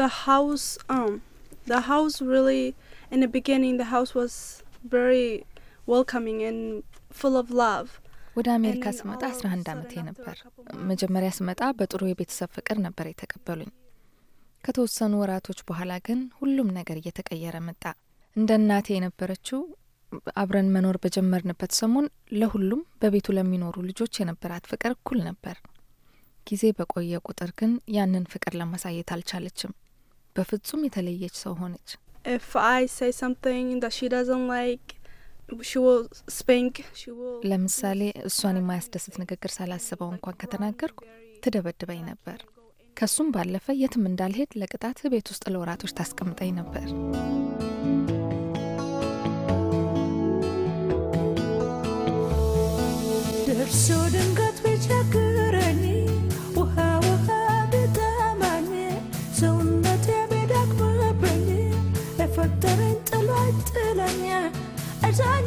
[SPEAKER 6] the house um the house really in the beginning the house was very welcoming and full of love
[SPEAKER 5] ወደ አሜሪካ ስመጣ 11 አንድ ነበር። መጀመሪያ ስመጣ በጥሩ የቤተሰብ ፍቅር ነበር የተቀበሉኝ። ከተወሰኑ ወራቶች በኋላ ግን ሁሉም ነገር እየተቀየረ መጣ። እንደ እናቴ የነበረችው አብረን መኖር በጀመርንበት ሰሞን ለሁሉም በቤቱ ለሚኖሩ ልጆች የነበራት ፍቅር እኩል ነበር። ጊዜ በቆየ ቁጥር ግን ያንን ፍቅር ለማሳየት አልቻለችም። በፍጹም የተለየች ሰው ሆነች። ለምሳሌ እሷን የማያስደስት ንግግር ሳላስበው እንኳን ከተናገርኩ ትደበድበኝ ነበር። ከሱም ባለፈ የትም እንዳልሄድ ለቅጣት ቤት ውስጥ ለወራቶች ታስቀምጠኝ ነበር። ደርሶ ድንጋ
[SPEAKER 10] Uh,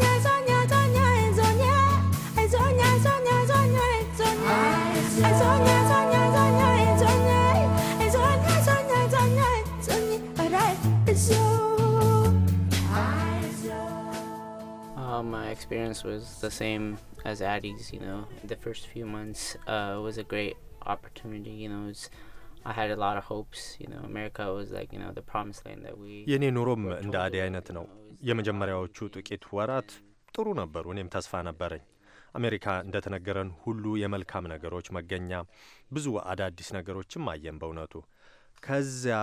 [SPEAKER 9] my experience was the same as Addie's, you know. The first few months uh, was a great opportunity, you know. I had a lot of hopes, you know. America was like, you know, the promised land that we
[SPEAKER 1] የመጀመሪያዎቹ ጥቂት ወራት ጥሩ ነበሩ። እኔም ተስፋ ነበረኝ። አሜሪካ እንደተነገረን ሁሉ የመልካም ነገሮች መገኛ፣ ብዙ አዳዲስ ነገሮችም አየን። በእውነቱ ከዚያ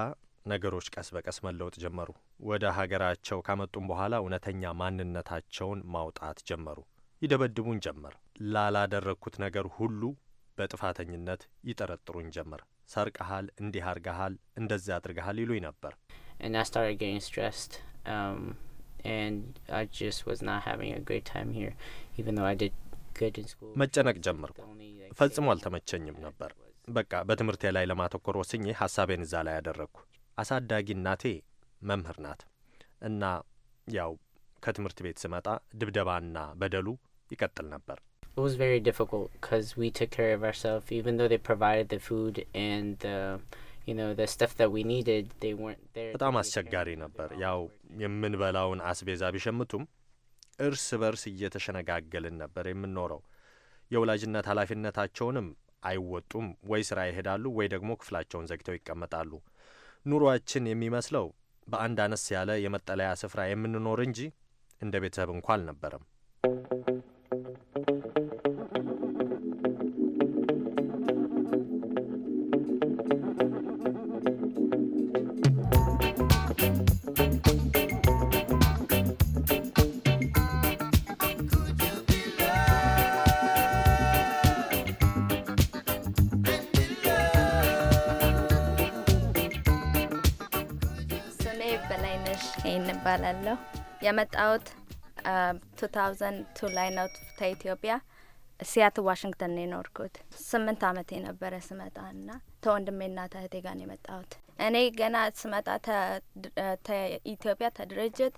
[SPEAKER 1] ነገሮች ቀስ በቀስ መለወጥ ጀመሩ። ወደ ሀገራቸው ካመጡም በኋላ እውነተኛ ማንነታቸውን ማውጣት ጀመሩ። ይደበድቡን ጀመር። ላላደረግኩት ነገር ሁሉ በጥፋተኝነት ይጠረጥሩኝ ጀመር። ሰርቀሃል፣ እንዲህ አርገሃል፣ እንደዚያ አድርገሃል ይሉኝ ነበር።
[SPEAKER 9] and I just was not having a great time here, even though I did good in school. መጨነቅ ጀመርኩ። ፈጽሞ አልተመቸኝም
[SPEAKER 1] ነበር። በቃ በትምህርቴ ላይ ለማተኮር ወስኜ ሀሳቤን እዛ ላይ አሳዳጊ እናቴ መምህር ናት እና ያው ከትምህርት ቤት ስመጣ ድብደባና በደሉ ይቀጥል ነበር።
[SPEAKER 9] It was very difficult because we took care of ourselves, even though they provided the food and the uh, በጣም
[SPEAKER 1] አስቸጋሪ ነበር። ያው የምንበላውን አስቤዛ ቢሸምቱም እርስ በርስ እየተሸነጋገልን ነበር የምንኖረው። የወላጅነት ኃላፊነታቸውንም አይወጡም። ወይ ስራ ይሄዳሉ ወይ ደግሞ ክፍላቸውን ዘግተው ይቀመጣሉ። ኑሯችን የሚመስለው በአንድ አነስ ያለ የመጠለያ ስፍራ የምንኖር እንጂ እንደ ቤተሰብ እንኳ አልነበረም።
[SPEAKER 3] እባላለሁ። የመጣሁት ቱ ላይ ነው ከኢትዮጵያ ሲያት ዋሽንግተን የኖርኩት። ስምንት አመት የነበረ ስመጣ ና ተወንድሜና ተህቴ ጋር ነው የመጣሁት። እኔ ገና ስመጣ ኢትዮጵያ ተድርጅት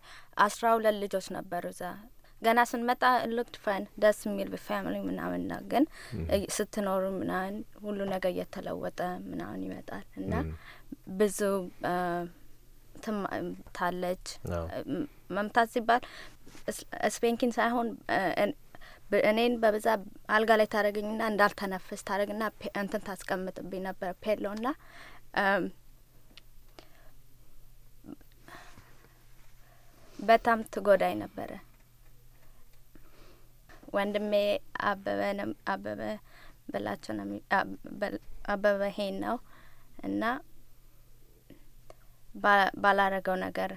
[SPEAKER 3] አስራ ሁለት ልጆች ነበሩ እዛ ገና ስንመጣ ሉክድ ፈን ደስ የሚል ፋሚሊ ምናምን ነው፣ ግን ስትኖሩ ምናምን ሁሉ ነገር እየተለወጠ ምናምን ይመጣል እና ብዙ ስፔንንም ታለች መምታት ሲባል ስፔንኪን ሳይሆን እኔን በብዛ አልጋ ላይ ታደረግኝና እንዳልተነፍስ ታደረግና እንትን ታስቀምጥብኝ ነበር ና በጣም ትጎዳኝ ነበረ። ወንድሜ አበበ አበበ በላቸው ነው አበበ ሄን ነው እና ባላረገው ነገር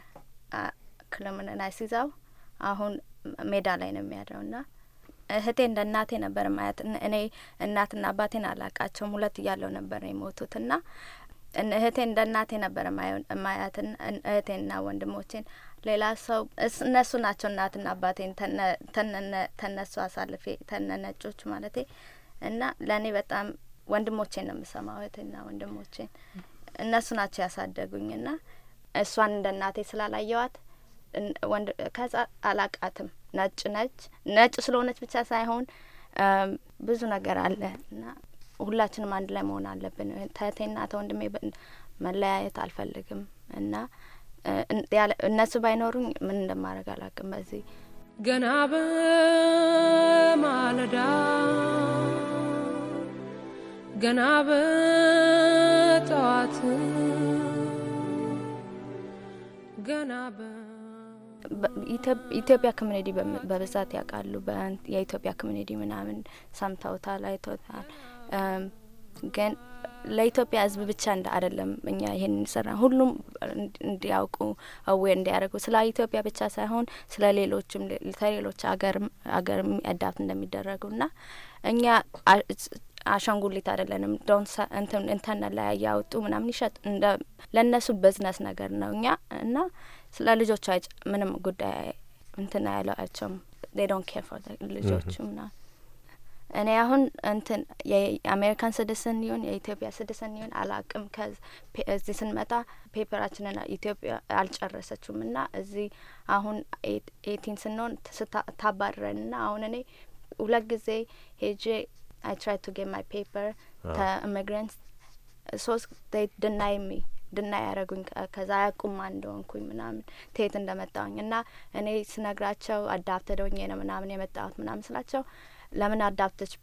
[SPEAKER 3] ክልምንን አይሲዛው አሁን ሜዳ ላይ ነው የሚያድረው ና እህቴ እንደ እናቴ ነበር ማየት። እኔ እናትና አባቴን አላቃቸውም። ሁለት እያለው ነበር የሞቱት ና እህቴ እንደ እናቴ ነበር ማያት። እህቴና ወንድሞቼን ሌላ ሰው እነሱ ናቸው እናትና አባቴን ተነሱ አሳልፌ ተነነጮች ማለቴ እና ለእኔ በጣም ወንድሞቼን ነው የምሰማው እህቴና ወንድሞቼን እነሱ ናቸው ያሳደጉኝ ና እሷን እንደ እናቴ ስላላየዋት ወንድ ከዛ አላቃትም። ነጭ ነች ነጭ ስለሆነች ብቻ ሳይሆን ብዙ ነገር አለ እና ሁላችንም አንድ ላይ መሆን አለብን። እህቴና ወንድሜ መለያየት አልፈልግም እና እነሱ ባይኖሩኝ ምን እንደማድረግ አላቅም በዚህ
[SPEAKER 5] ገና በማለዳ ገና በጠዋት
[SPEAKER 3] ገና ኢትዮጵያ ኮሚኒቲ በብዛት ያውቃሉ። የኢትዮጵያ ኮሚኒቲ ምናምን ሰምተውታል፣ አይተውታል። ግን ለኢትዮጵያ ሕዝብ ብቻ እንደ አይደለም እኛ ይህን እንሰራ ሁሉም እንዲያውቁ አዌር እንዲያደርጉ ስለ ኢትዮጵያ ብቻ ሳይሆን ስለ ሌሎችም ከሌሎች አገርም አዳፕት እንደሚደረጉ ና እኛ አሻንጉሊት አይደለንም። ዶንት እንተን ላይ ያውጡ ምናምን ይሸጥ እንደ ለእነሱ ብዝነስ ነገር ነው እኛ እና ስለ ልጆቹ ምንም ጉዳይ እንትን ያለቸውም ዶንት ኬር ፎር ልጆቹ ምና እኔ አሁን እንትን የአሜሪካን ስድስን ይሁን የኢትዮጵያ ስድስን ይሁን አላቅም። ከእዚህ ስንመጣ ፔፐራችንን ኢትዮጵያ አልጨረሰችውም እና እዚህ አሁን ኤቲን ስንሆን ታባረን ና አሁን እኔ ሁለት ጊዜ ሄጄ I tried to get my paper ah. immigrants. So they deny me ድናይ ያደረጉኝ ከዛ ያቁማ እንደሆንኩኝ ምናምን ትየት እንደመጣሁኝ እና እኔ ስነግራቸው አዳፕተድ ሆኜ ነው ምናምን የመጣሁት ምናምን ስላቸው ለምን አዳፕተች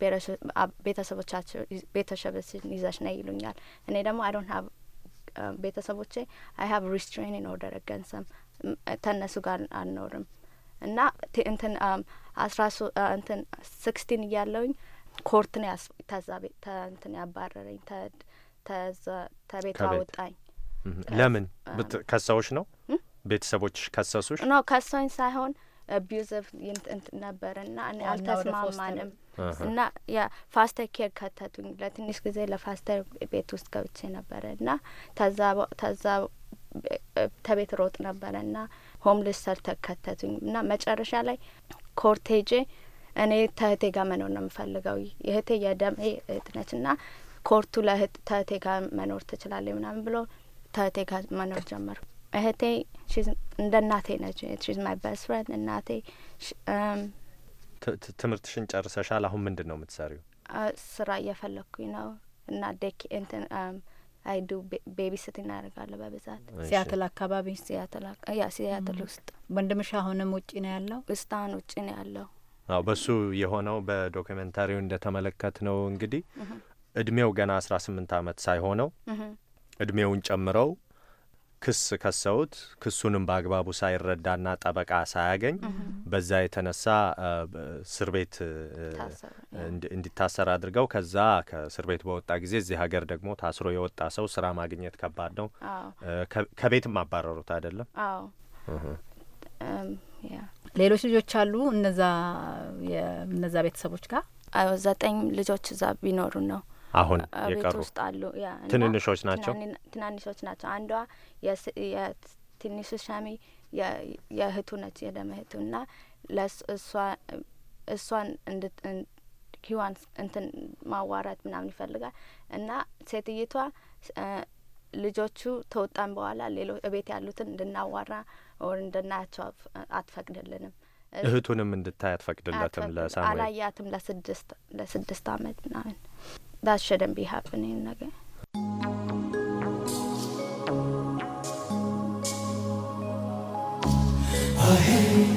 [SPEAKER 3] ቤተሰቦቻቸው ቤተሰቦችን ይዘሽ ነው ይሉኛል። እኔ ደግሞ አይ ዶንት ሀብ ቤተሰቦቼ አይ ሀብ ሪስትሬኒንግ ኦርደር ገንሰም ተነሱ ጋር አልኖርም እና እንትን አስራ እንትን ስክስቲን እያለውኝ ኮርት ነው እንትን ያባረረኝ ተቤት አወጣኝ።
[SPEAKER 1] ለምን ከሰዎች ነው ቤተሰቦች ከሰሱሽ?
[SPEAKER 3] ነው ከሰኝ ሳይሆን አቢዩዘቭ ነበር እና እኔ አልተስማማንም እና ያ ፋስተር ኬር ከተቱኝ። ለትንሽ ጊዜ ለፋስተር ቤት ውስጥ ገብቼ ነበረ እና ተዛ ተቤት ሮጥ ነበረ እና ሆምልስ ሰልተ ከተቱኝ እና መጨረሻ ላይ ኮርቴጄ እኔ ተህቴ ጋር መኖር ነው የምፈልገው። እህቴ የደሜ እህት ነች ና ኮርቱ ለእህት ተህቴ ጋር መኖር ትችላለ ምናምን ብሎ ተህቴ ጋር መኖር ጀመርኩ። እህቴ እንደ እናቴ ነች። ሺዝ ማይ በስት ፍሬንድ እናቴ።
[SPEAKER 1] ትምህርትሽን ጨርሰሻል። አሁን ምንድን ነው የምትሰሪው?
[SPEAKER 3] ስራ እየፈለግኩኝ ነው እና ዴክ እንትን አይ ዱ ቤቢ ስት እናደርጋለሁ በብዛት ሲያትል አካባቢ ሲያትል ውስጥ። ወንድምሽ አሁንም ውጭ ነው ያለው? እስካሁን ውጭ ነው ያለው።
[SPEAKER 1] አዎ በሱ የሆነው በዶክመንታሪው እንደተመለከት ነው እንግዲህ እድሜው ገና አስራ ስምንት አመት ሳይሆነው እድሜውን ጨምረው ክስ ከሰውት ክሱንም በአግባቡ ሳይረዳና ጠበቃ ሳያገኝ በዛ የተነሳ እስር ቤት እንዲታሰር አድርገው ከዛ ከእስር ቤት በወጣ ጊዜ እዚህ ሀገር ደግሞ ታስሮ የወጣ ሰው ስራ ማግኘት ከባድ ነው። ከቤትም አባረሩት
[SPEAKER 3] አይደለም? ሌሎች ልጆች አሉ እነዛ ቤተሰቦች ጋር አዎ ዘጠኝ ልጆች እዛ ቢኖሩ ነው አሁን የቀሩ ውስጥ አሉ ትንንሾች ናቸው ትናንሾች ናቸው አንዷ የትንሹ ሻሚ የእህቱ ነች የደመ እህቱ ና ለእሷ እሷን ሂዋን እንትን ማዋራት ምናምን ይፈልጋል እና ሴትይቷ ልጆቹ ተወጣን በኋላ ሌሎች እቤት ያሉትን እንድናዋራ ወር እንድናያቸው አትፈቅድልንም።
[SPEAKER 1] እህቱንም እንድታይ አትፈቅድላትም። ለሳሙኤል
[SPEAKER 3] አላያትም። ለስድስት ለስድስት አመት ምናምን ዳሸደን ቢሀፍን ይህን ነገር
[SPEAKER 7] I hate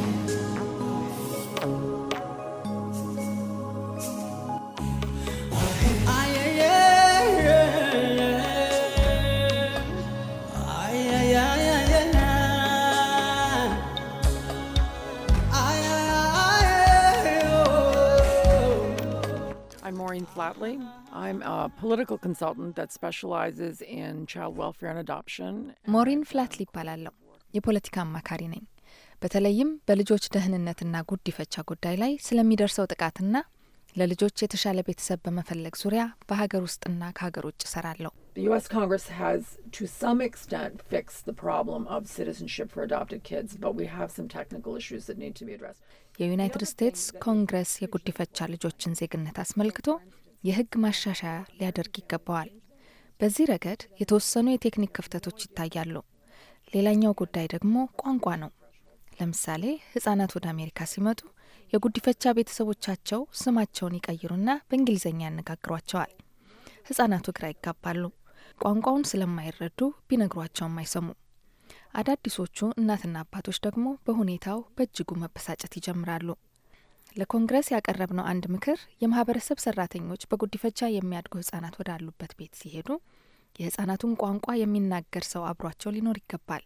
[SPEAKER 11] Maureen Flatley. I'm a political consultant that specializes in child welfare and adoption.
[SPEAKER 5] ማውሪን ፍላትሊ ይባላለሁ። የፖለቲካ አማካሪ ነኝ። በተለይም በልጆች ደህንነትና ጉዲፈቻ ጉዳይ ላይ ስለሚደርሰው ጥቃትና ለልጆች የተሻለ ቤተሰብ በመፈለግ ዙሪያ በሀገር ውስጥና ከሀገር ውጭ እሰራለሁ። የዩናይትድ ስቴትስ ኮንግረስ የጉዲፈቻ ልጆችን ዜግነት አስመልክቶ የህግ ማሻሻያ ሊያደርግ ይገባዋል። በዚህ ረገድ የተወሰኑ የቴክኒክ ክፍተቶች ይታያሉ። ሌላኛው ጉዳይ ደግሞ ቋንቋ ነው። ለምሳሌ ህጻናት ወደ አሜሪካ ሲመጡ የጉዲፈቻ ቤተሰቦቻቸው ስማቸውን ይቀይሩና በእንግሊዝኛ ያነጋግሯቸዋል። ህጻናቱ ግራ ይጋባሉ። ቋንቋውን ስለማይረዱ ቢነግሯቸውም አይሰሙ። አዳዲሶቹ እናትና አባቶች ደግሞ በሁኔታው በእጅጉ መበሳጨት ይጀምራሉ። ለኮንግረስ ያቀረብነው አንድ ምክር የማህበረሰብ ሰራተኞች በጉዲፈቻ የሚያድጉ ህጻናት ወዳሉበት ቤት ሲሄዱ የህጻናቱን ቋንቋ የሚናገር ሰው አብሯቸው ሊኖር ይገባል።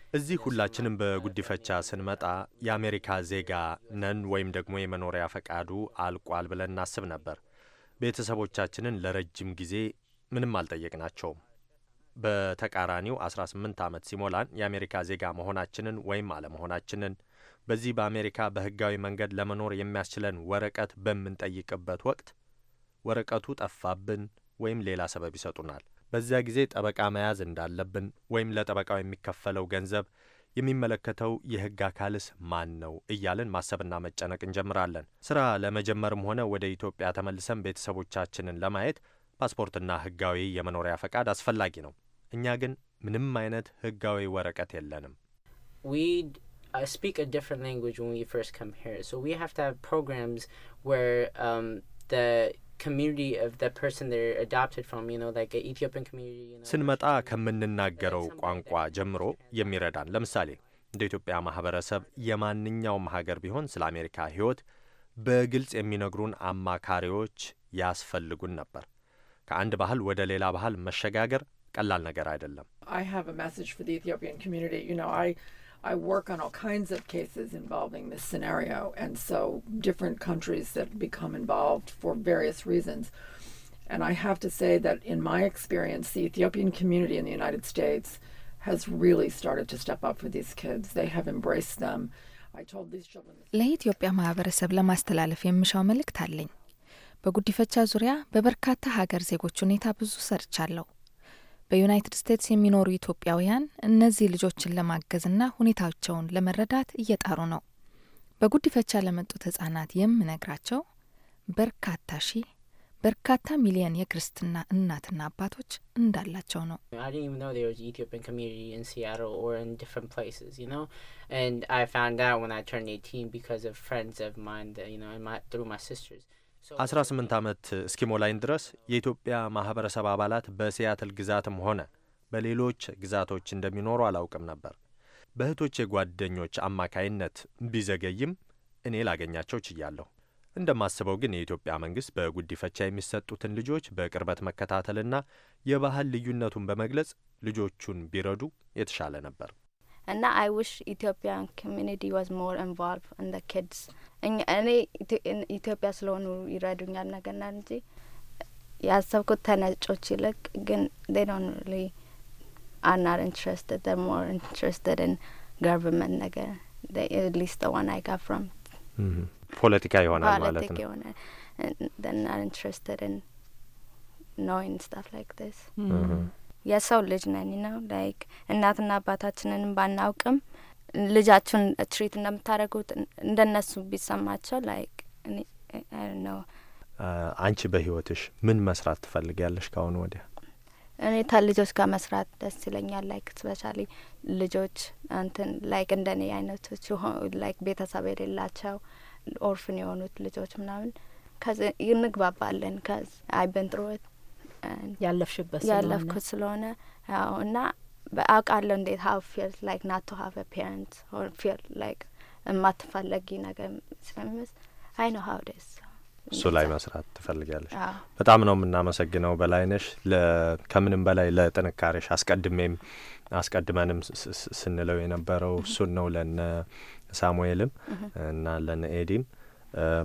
[SPEAKER 1] እዚህ ሁላችንም በጉዲፈቻ ስንመጣ የአሜሪካ ዜጋ ነን ወይም ደግሞ የመኖሪያ ፈቃዱ አልቋል ብለን እናስብ ነበር። ቤተሰቦቻችንን ለረጅም ጊዜ ምንም አልጠየቅናቸውም። በተቃራኒው 18 ዓመት ሲሞላን የአሜሪካ ዜጋ መሆናችንን ወይም አለመሆናችንን በዚህ በአሜሪካ በሕጋዊ መንገድ ለመኖር የሚያስችለን ወረቀት በምንጠይቅበት ወቅት ወረቀቱ ጠፋብን ወይም ሌላ ሰበብ ይሰጡናል። በዚያ ጊዜ ጠበቃ መያዝ እንዳለብን ወይም ለጠበቃው የሚከፈለው ገንዘብ የሚመለከተው የሕግ አካልስ ማን ነው እያልን ማሰብና መጨነቅ እንጀምራለን። ሥራ ለመጀመርም ሆነ ወደ ኢትዮጵያ ተመልሰን ቤተሰቦቻችንን ለማየት ፓስፖርትና ሕጋዊ የመኖሪያ ፈቃድ አስፈላጊ ነው። እኛ ግን ምንም አይነት ሕጋዊ ወረቀት የለንም።
[SPEAKER 9] community of the person they're adopted from, you know, like an Ethiopian community. You
[SPEAKER 1] know. ስንመጣ ከምንናገረው ቋንቋ ጀምሮ የሚረዳን ለምሳሌ እንደ ኢትዮጵያ ማህበረሰብ የማንኛውም ሀገር ቢሆን ስለ አሜሪካ ህይወት በግልጽ የሚነግሩን አማካሪዎች ያስፈልጉን ነበር። ከአንድ ባህል ወደ ሌላ ባህል መሸጋገር ቀላል ነገር
[SPEAKER 11] አይደለም። I have a message for the Ethiopian community. You know, I I work on all kinds of cases involving this scenario, and so different countries that become involved for various reasons. And I have to say that in my experience, the Ethiopian community in the United States has really started to step up for these kids. They have embraced them. I told these children.
[SPEAKER 5] ለኢትዮጵያ ማህበረሰብ ለማስተላለፍ የምሻው መልእክት አለኝ። በጉዲፈቻ ዙሪያ በበርካታ ሀገር ዜጎች ሁኔታ ብዙ ሰርቻለሁ። በዩናይትድ ስቴትስ የሚኖሩ ኢትዮጵያውያን እነዚህ ልጆችን ለማገዝና ሁኔታቸውን ለመረዳት እየጣሩ ነው። በጉዲፈቻ ለመጡት ህጻናት የምነግራቸው በርካታ ሺህ በርካታ ሚሊየን የክርስትና እናትና አባቶች እንዳላቸው ነው።
[SPEAKER 9] 18
[SPEAKER 1] ዓመት እስኪሞላኝ ድረስ የኢትዮጵያ ማህበረሰብ አባላት በሲያትል ግዛትም ሆነ በሌሎች ግዛቶች እንደሚኖሩ አላውቅም ነበር። በእህቶቼ ጓደኞች አማካይነት ቢዘገይም እኔ ላገኛቸው ችያለሁ። እንደማስበው ግን የኢትዮጵያ መንግስት በጉዲፈቻ የሚሰጡትን ልጆች በቅርበት መከታተልና የባህል ልዩነቱን በመግለጽ ልጆቹን ቢረዱ የተሻለ ነበር።
[SPEAKER 3] And now I wish Ethiopian community was more involved in the kids. And any in Ethiopia ስለሆኑ ይረዱኛል ነገና እንጂ ያሰብኩት ተነጮች ይልቅ ግን they don't really are not interested. They're more interested in government ነገር uh, they, at least the one I got from
[SPEAKER 1] ፖለቲካ mm-hmm. ይሆናል
[SPEAKER 3] one, and they They're not interested in knowing stuff like this. Mm-hmm. mm-hmm. የሰው ልጅ ነን ነው ላይክ እናትና አባታችንንም ባናውቅም ልጃችሁን ትሪት እንደምታደርጉት እንደ ነሱ ቢሰማቸው ላይክ ነው።
[SPEAKER 1] አንቺ በህይወትሽ ምን መስራት ትፈልጊያለሽ ከአሁን ወዲያ?
[SPEAKER 3] እኔ ከልጆች ጋር መስራት ደስ ይለኛል። ላይክ ስፔሻሊ ልጆች እንትን ላይክ እንደ እኔ አይነቶች ላይክ ቤተሰብ የሌላቸው ኦርፍን የሆኑት ልጆች ምናምን ከዚ እንግባባለን ከዚ አይ አይበንጥሮት ያለፍሽበት ያለፍኩት ስለሆነ ያው እና አውቃለሁ እንዴት ሀው ፊል ላይክ ናቶ ሀቭ ፔረንት ሆር ፊል ላይክ የማትፈለጊ ነገር ስለሚመስ አይ ነው ሀው ደስ
[SPEAKER 1] እሱ ላይ መስራት ትፈልጋለሽ። በጣም ነው የምናመሰግነው በላይነሽ። ከምንም በላይ ለጥንካሬሽ አስቀድሜም አስቀድመንም ስንለው የነበረው እሱን ነው ለነ ሳሙኤልም እና ለነ ኤዲም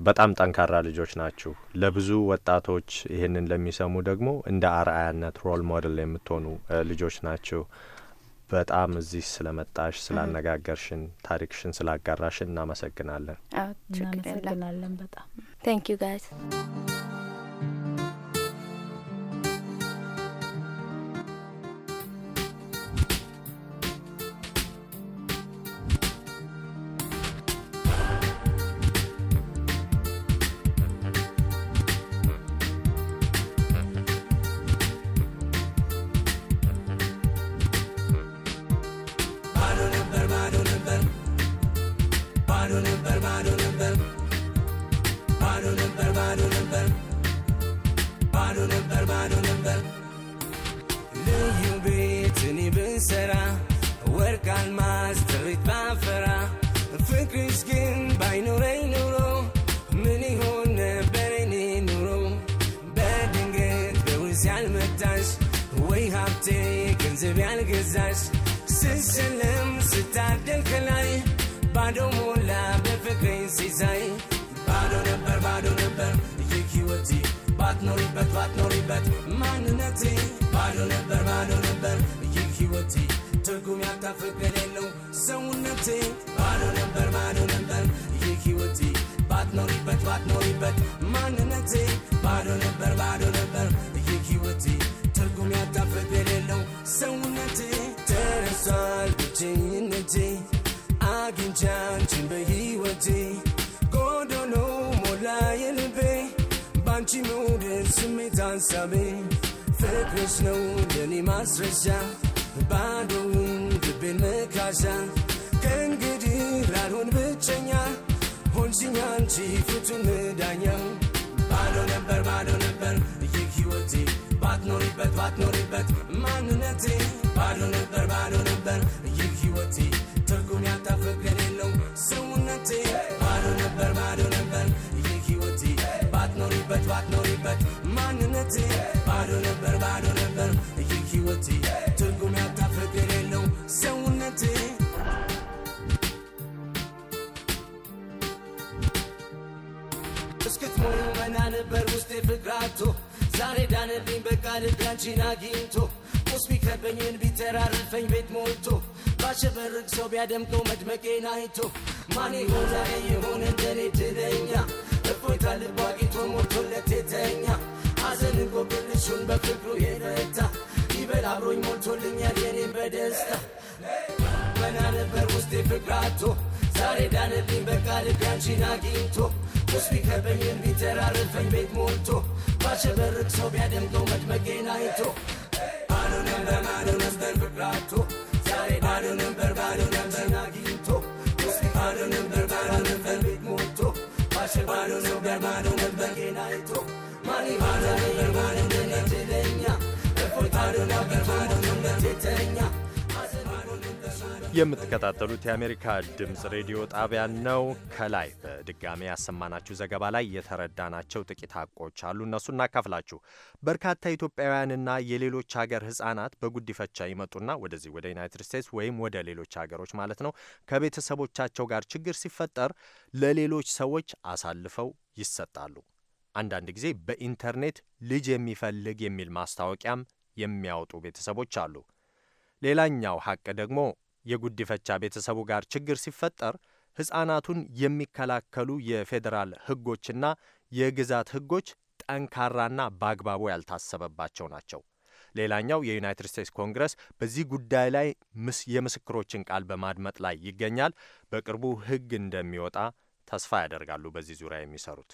[SPEAKER 1] በጣም ጠንካራ ልጆች ናችሁ። ለብዙ ወጣቶች ይህንን ለሚሰሙ ደግሞ እንደ አርአያነት ሮል ሞዴል የምትሆኑ ልጆች ናችሁ። በጣም እዚህ ስለመጣሽ ስላነጋገርሽን፣ ታሪክሽን ስላጋራሽን እናመሰግናለን።
[SPEAKER 3] እናመሰግናለን በጣም ቴንክ ዩ ጋይስ
[SPEAKER 10] እኔ ብሰራ ወርቅ አልማዝ ጥሪት ባፈራ ፍቅርሽ ግን ባይኖረኝ ኑሮ ምን ይሆን ነበር እኔ ኑሮ በድንገት በውዝ ያልመጣሽ ወይ ሀብቴ ገንዘብ ያልገዛሽ ስስልም ስታደል ከላይ ባዶ ሞላ በፍቅሬን ሲዛይ ባትኖሪበት ባትኖሪበት ማንነቴ ባዶ ነበር ባዶ ነበር ይህ ሕይወቴ ትርጉም ያጣ ፍቅር የለው ሰውነቴ ባዶ ነበር ባዶ ነበር ይህ ሕይወቴ ባትኖሪበት ባትኖሪበት ማንነቴ ባዶ ነበር ባዶ ነበር ይህ ሕይወቴ ትርጉም ያጣ ፍቅር የለው ሰውነቴ ተረሷል ብቸኝነቴ አግኝቻንችን በሕይወቴ ጎዶሎ ሞላ የልቤ አንቺ መውደድ ስሜት አንሳቤ ፍቅርሽ ነው ለኔ ማስረሻ ባዶውን ልቤን መካሻ ከእንግዲህ ላልሆን ብቸኛ ሆንሽኝ አንቺ ፍቱን ዳኛ ባዶ ነበር ባዶ ነበር ይህ ሕይወቴ ባትኖሪበት ባትኖሪበት ማንነቴ ባዶ ነበር ባዶ ነበር ይህ ህይወቴ ትርጉም ያጣ ፍቅር የለው ሰውነቴ ማንነቴ ባዶ ነበር ባዶ ነበር ይህ ሕይወቴ ትርጉም ያጣ ፍቅር የለው ሰውነቴ እስክትሞዩ መና ነበር ውስጤ ፍቅር አቶ ዛሬ ዳነልኝ በቃ ልቤ አግኝቶ ቁስ ቢከበኝን ቢተራርፈኝ ቤት ሞልቶ ባሸበርቅ ሰው ቢያደምቀው መድመቄን አይቶ ማን ይሆናል የሆነ እንደኔ ድለኛ እፎይታ ልቧ አግኝቶ ሞልቶለት የተኛ ሐዘንን ጎብልሹን በፍቅሩ የረታ ይበል አብሮኝ ሞልቶልኛል የኔ በደስታ በና ነበር ውስጤ ፍቅራቶ ዛሬ ዳነልኝ በቃ ልቤ አግኝቶ ውስጥ ቢከበኝም ቢተራርፈኝ ቤት ሞልቶ ባሸበርቅ ሰው ቢያደምቀው መድመቄን አይቶ ባዶ ነበር ባዶ ነበር ፍቅራቶ ዛሬ ባዶ ነበር ባዶ ነበር አግኝቶ ውስጥ ባዶ ነበር ባዶ ነበር ቤት ሞልቶ ባሸባዶ ነበር ባዶ ነበር ጌን አይቶ
[SPEAKER 1] የምትከታተሉት የአሜሪካ ድምፅ ሬዲዮ ጣቢያን ነው። ከላይ በድጋሚ ያሰማናችሁ ዘገባ ላይ የተረዳናቸው ጥቂት ሀቆች አሉ። እነሱ እናካፍላችሁ። በርካታ ኢትዮጵያውያንና የሌሎች ሀገር ሕጻናት በጉዲፈቻ ይመጡና ወደዚህ ወደ ዩናይትድ ስቴትስ ወይም ወደ ሌሎች ሀገሮች ማለት ነው ከቤተሰቦቻቸው ጋር ችግር ሲፈጠር ለሌሎች ሰዎች አሳልፈው ይሰጣሉ። አንዳንድ ጊዜ በኢንተርኔት ልጅ የሚፈልግ የሚል ማስታወቂያም የሚያወጡ ቤተሰቦች አሉ። ሌላኛው ሐቅ ደግሞ የጉዲፈቻ ቤተሰቡ ጋር ችግር ሲፈጠር ሕፃናቱን የሚከላከሉ የፌዴራል ሕጎችና የግዛት ሕጎች ጠንካራና በአግባቡ ያልታሰበባቸው ናቸው። ሌላኛው የዩናይትድ ስቴትስ ኮንግረስ በዚህ ጉዳይ ላይ የምስክሮችን ቃል በማድመጥ ላይ ይገኛል። በቅርቡ ሕግ እንደሚወጣ ተስፋ ያደርጋሉ በዚህ ዙሪያ የሚሰሩት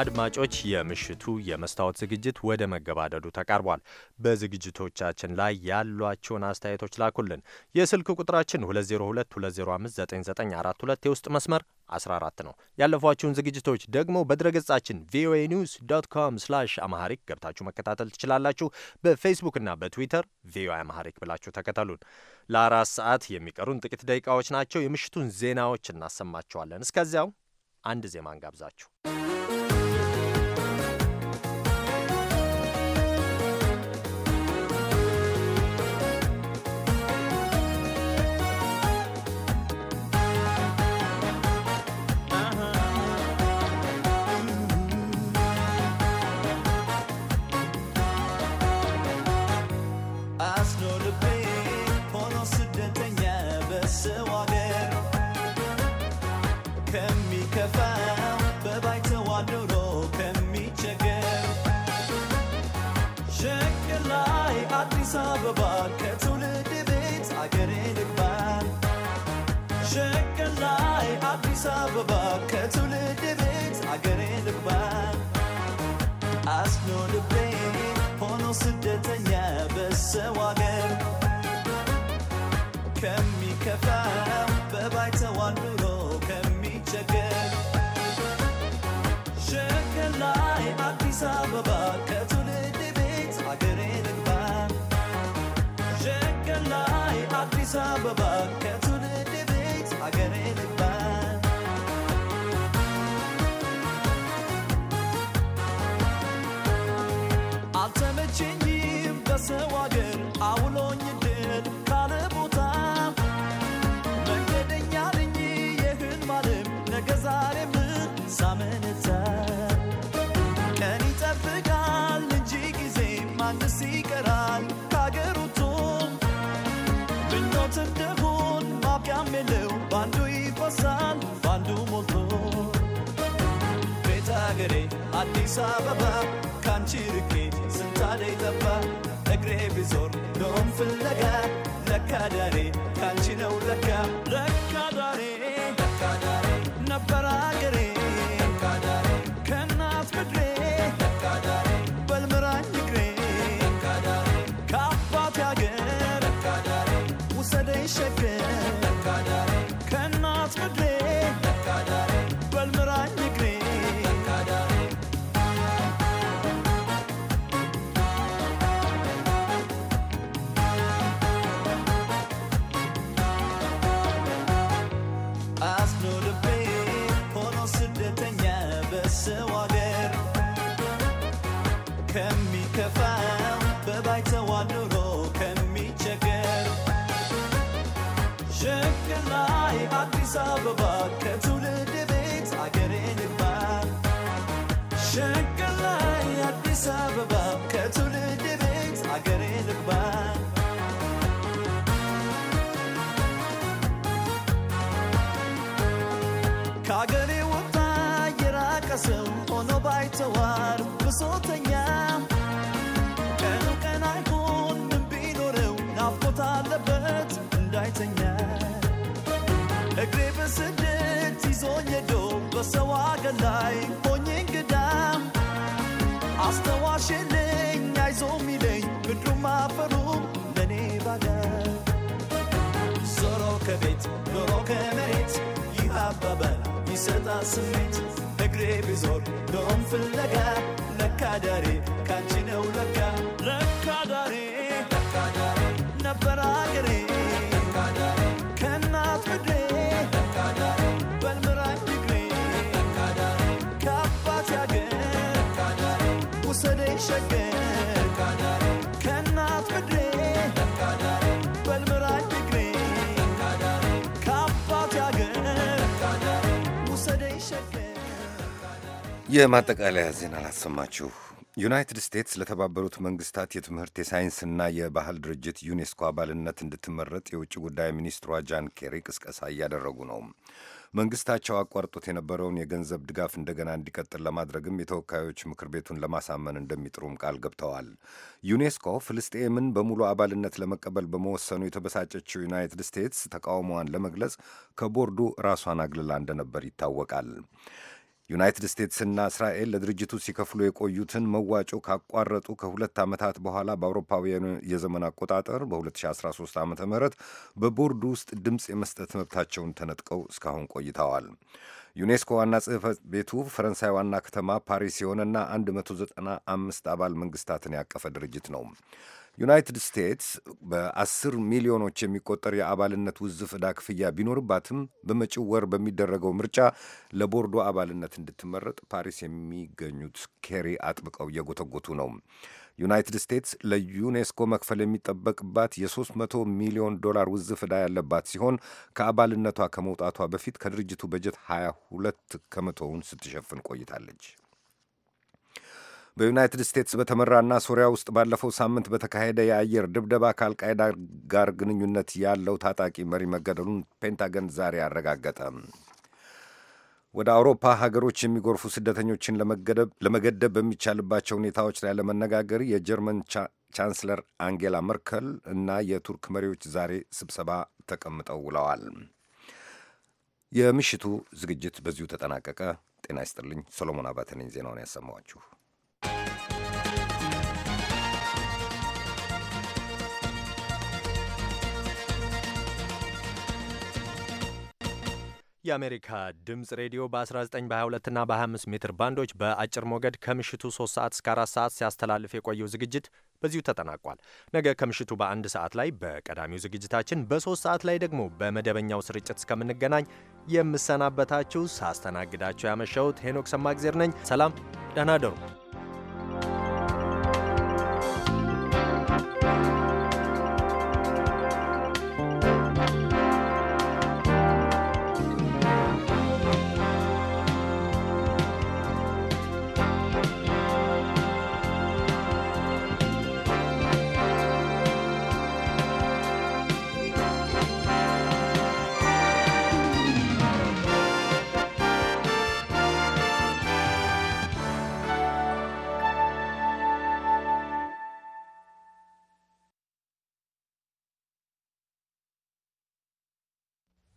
[SPEAKER 1] አድማጮች የምሽቱ የመስታወት ዝግጅት ወደ መገባደዱ ተቃርቧል። በዝግጅቶቻችን ላይ ያሏቸውን አስተያየቶች ላኩልን። የስልክ ቁጥራችን 2022059942 የውስጥ መስመር 14 ነው። ያለፏችሁን ዝግጅቶች ደግሞ በድረገጻችን ቪኦኤ ኒውስ ዶት ኮም ስላሽ አማሐሪክ ገብታችሁ መከታተል ትችላላችሁ። በፌስቡክና በትዊተር ቪኦኤ አማሐሪክ ብላችሁ ተከተሉን። ለአራት ሰዓት የሚቀሩን ጥቂት ደቂቃዎች ናቸው። የምሽቱን ዜናዎች እናሰማቸዋለን። እስከዚያው አንድ ዜማ እንጋብዛችሁ።
[SPEAKER 12] ዳሬ ካንቺ ነው ለካ ለካ ዳሬ ነበር አገሬ አዲስ አበባ ከትውልድ ቤት አገሬ ልባ ሸቀል ላይ አዲስ አበባ ከትውልድ ቤት አገሬ ልባ ከአገሬ ወጣ የራቀ ሰው ሆኖ ባይተዋር ብሶተኛ በሰው አገር ላይ ሆኜ እንግዳም አስተዋሽልኝ አይዞ ሚለኝ ምድሩም አፈሩም ለእኔ ባዳ ዞሮ ከቤት ኖሮ ከመሬት ይህ አባባል ይሰጣል ስሜት እግሬ ብዞር ዶም ፍለጋ ለካ ዳሬ ካንቺ ነው ለካ
[SPEAKER 4] የማጠቃለያ ዜና አላሰማችሁ። ዩናይትድ ስቴትስ ለተባበሩት መንግስታት የትምህርት የሳይንስና የባህል ድርጅት ዩኔስኮ አባልነት እንድትመረጥ የውጭ ጉዳይ ሚኒስትሯ ጃን ኬሪ ቅስቀሳ እያደረጉ ነው። መንግስታቸው አቋርጦት የነበረውን የገንዘብ ድጋፍ እንደገና እንዲቀጥል ለማድረግም የተወካዮች ምክር ቤቱን ለማሳመን እንደሚጥሩም ቃል ገብተዋል። ዩኔስኮ ፍልስጤምን በሙሉ አባልነት ለመቀበል በመወሰኑ የተበሳጨችው ዩናይትድ ስቴትስ ተቃውሞዋን ለመግለጽ ከቦርዱ ራሷን አግልላ እንደነበር ይታወቃል። ዩናይትድ ስቴትስና እስራኤል ለድርጅቱ ሲከፍሉ የቆዩትን መዋጮ ካቋረጡ ከሁለት ዓመታት በኋላ በአውሮፓውያኑ የዘመን አቆጣጠር በ2013 ዓ ም በቦርዱ ውስጥ ድምፅ የመስጠት መብታቸውን ተነጥቀው እስካሁን ቆይተዋል። ዩኔስኮ ዋና ጽሕፈት ቤቱ ፈረንሳይ ዋና ከተማ ፓሪስ የሆነና 195 አባል መንግስታትን ያቀፈ ድርጅት ነው። ዩናይትድ ስቴትስ በአስር ሚሊዮኖች የሚቆጠር የአባልነት ውዝፍ ዕዳ ክፍያ ቢኖርባትም በመጪው ወር በሚደረገው ምርጫ ለቦርዶ አባልነት እንድትመረጥ ፓሪስ የሚገኙት ኬሪ አጥብቀው እየጎተጎቱ ነው። ዩናይትድ ስቴትስ ለዩኔስኮ መክፈል የሚጠበቅባት የ300 ሚሊዮን ዶላር ውዝፍ ዕዳ ያለባት ሲሆን ከአባልነቷ ከመውጣቷ በፊት ከድርጅቱ በጀት 22 ከመቶውን ስትሸፍን ቆይታለች። በዩናይትድ ስቴትስ በተመራና ሶሪያ ውስጥ ባለፈው ሳምንት በተካሄደ የአየር ድብደባ ከአልቃይዳ ጋር ግንኙነት ያለው ታጣቂ መሪ መገደሉን ፔንታገን ዛሬ አረጋገጠ። ወደ አውሮፓ ሀገሮች የሚጎርፉ ስደተኞችን ለመገደብ በሚቻልባቸው ሁኔታዎች ላይ ለመነጋገር የጀርመን ቻንስለር አንጌላ መርከል እና የቱርክ መሪዎች ዛሬ ስብሰባ ተቀምጠው ውለዋል። የምሽቱ ዝግጅት በዚሁ ተጠናቀቀ። ጤና ይስጥልኝ። ሰሎሞን አባተ ነኝ ዜናውን ያሰማኋችሁ።
[SPEAKER 1] የአሜሪካ ድምፅ ሬዲዮ በ19 በ22 ና በ25 ሜትር ባንዶች በአጭር ሞገድ ከምሽቱ 3 ሰዓት እስከ 4 ሰዓት ሲያስተላልፍ የቆየው ዝግጅት በዚሁ ተጠናቋል። ነገ ከምሽቱ በአንድ ሰዓት ላይ በቀዳሚው ዝግጅታችን፣ በሶስት ሰዓት ላይ ደግሞ በመደበኛው ስርጭት እስከምንገናኝ የምሰናበታችሁ ሳስተናግዳችሁ ያመሸሁት ሄኖክ ሰማግዜር ነኝ። ሰላም፣ ደህና ደሩ።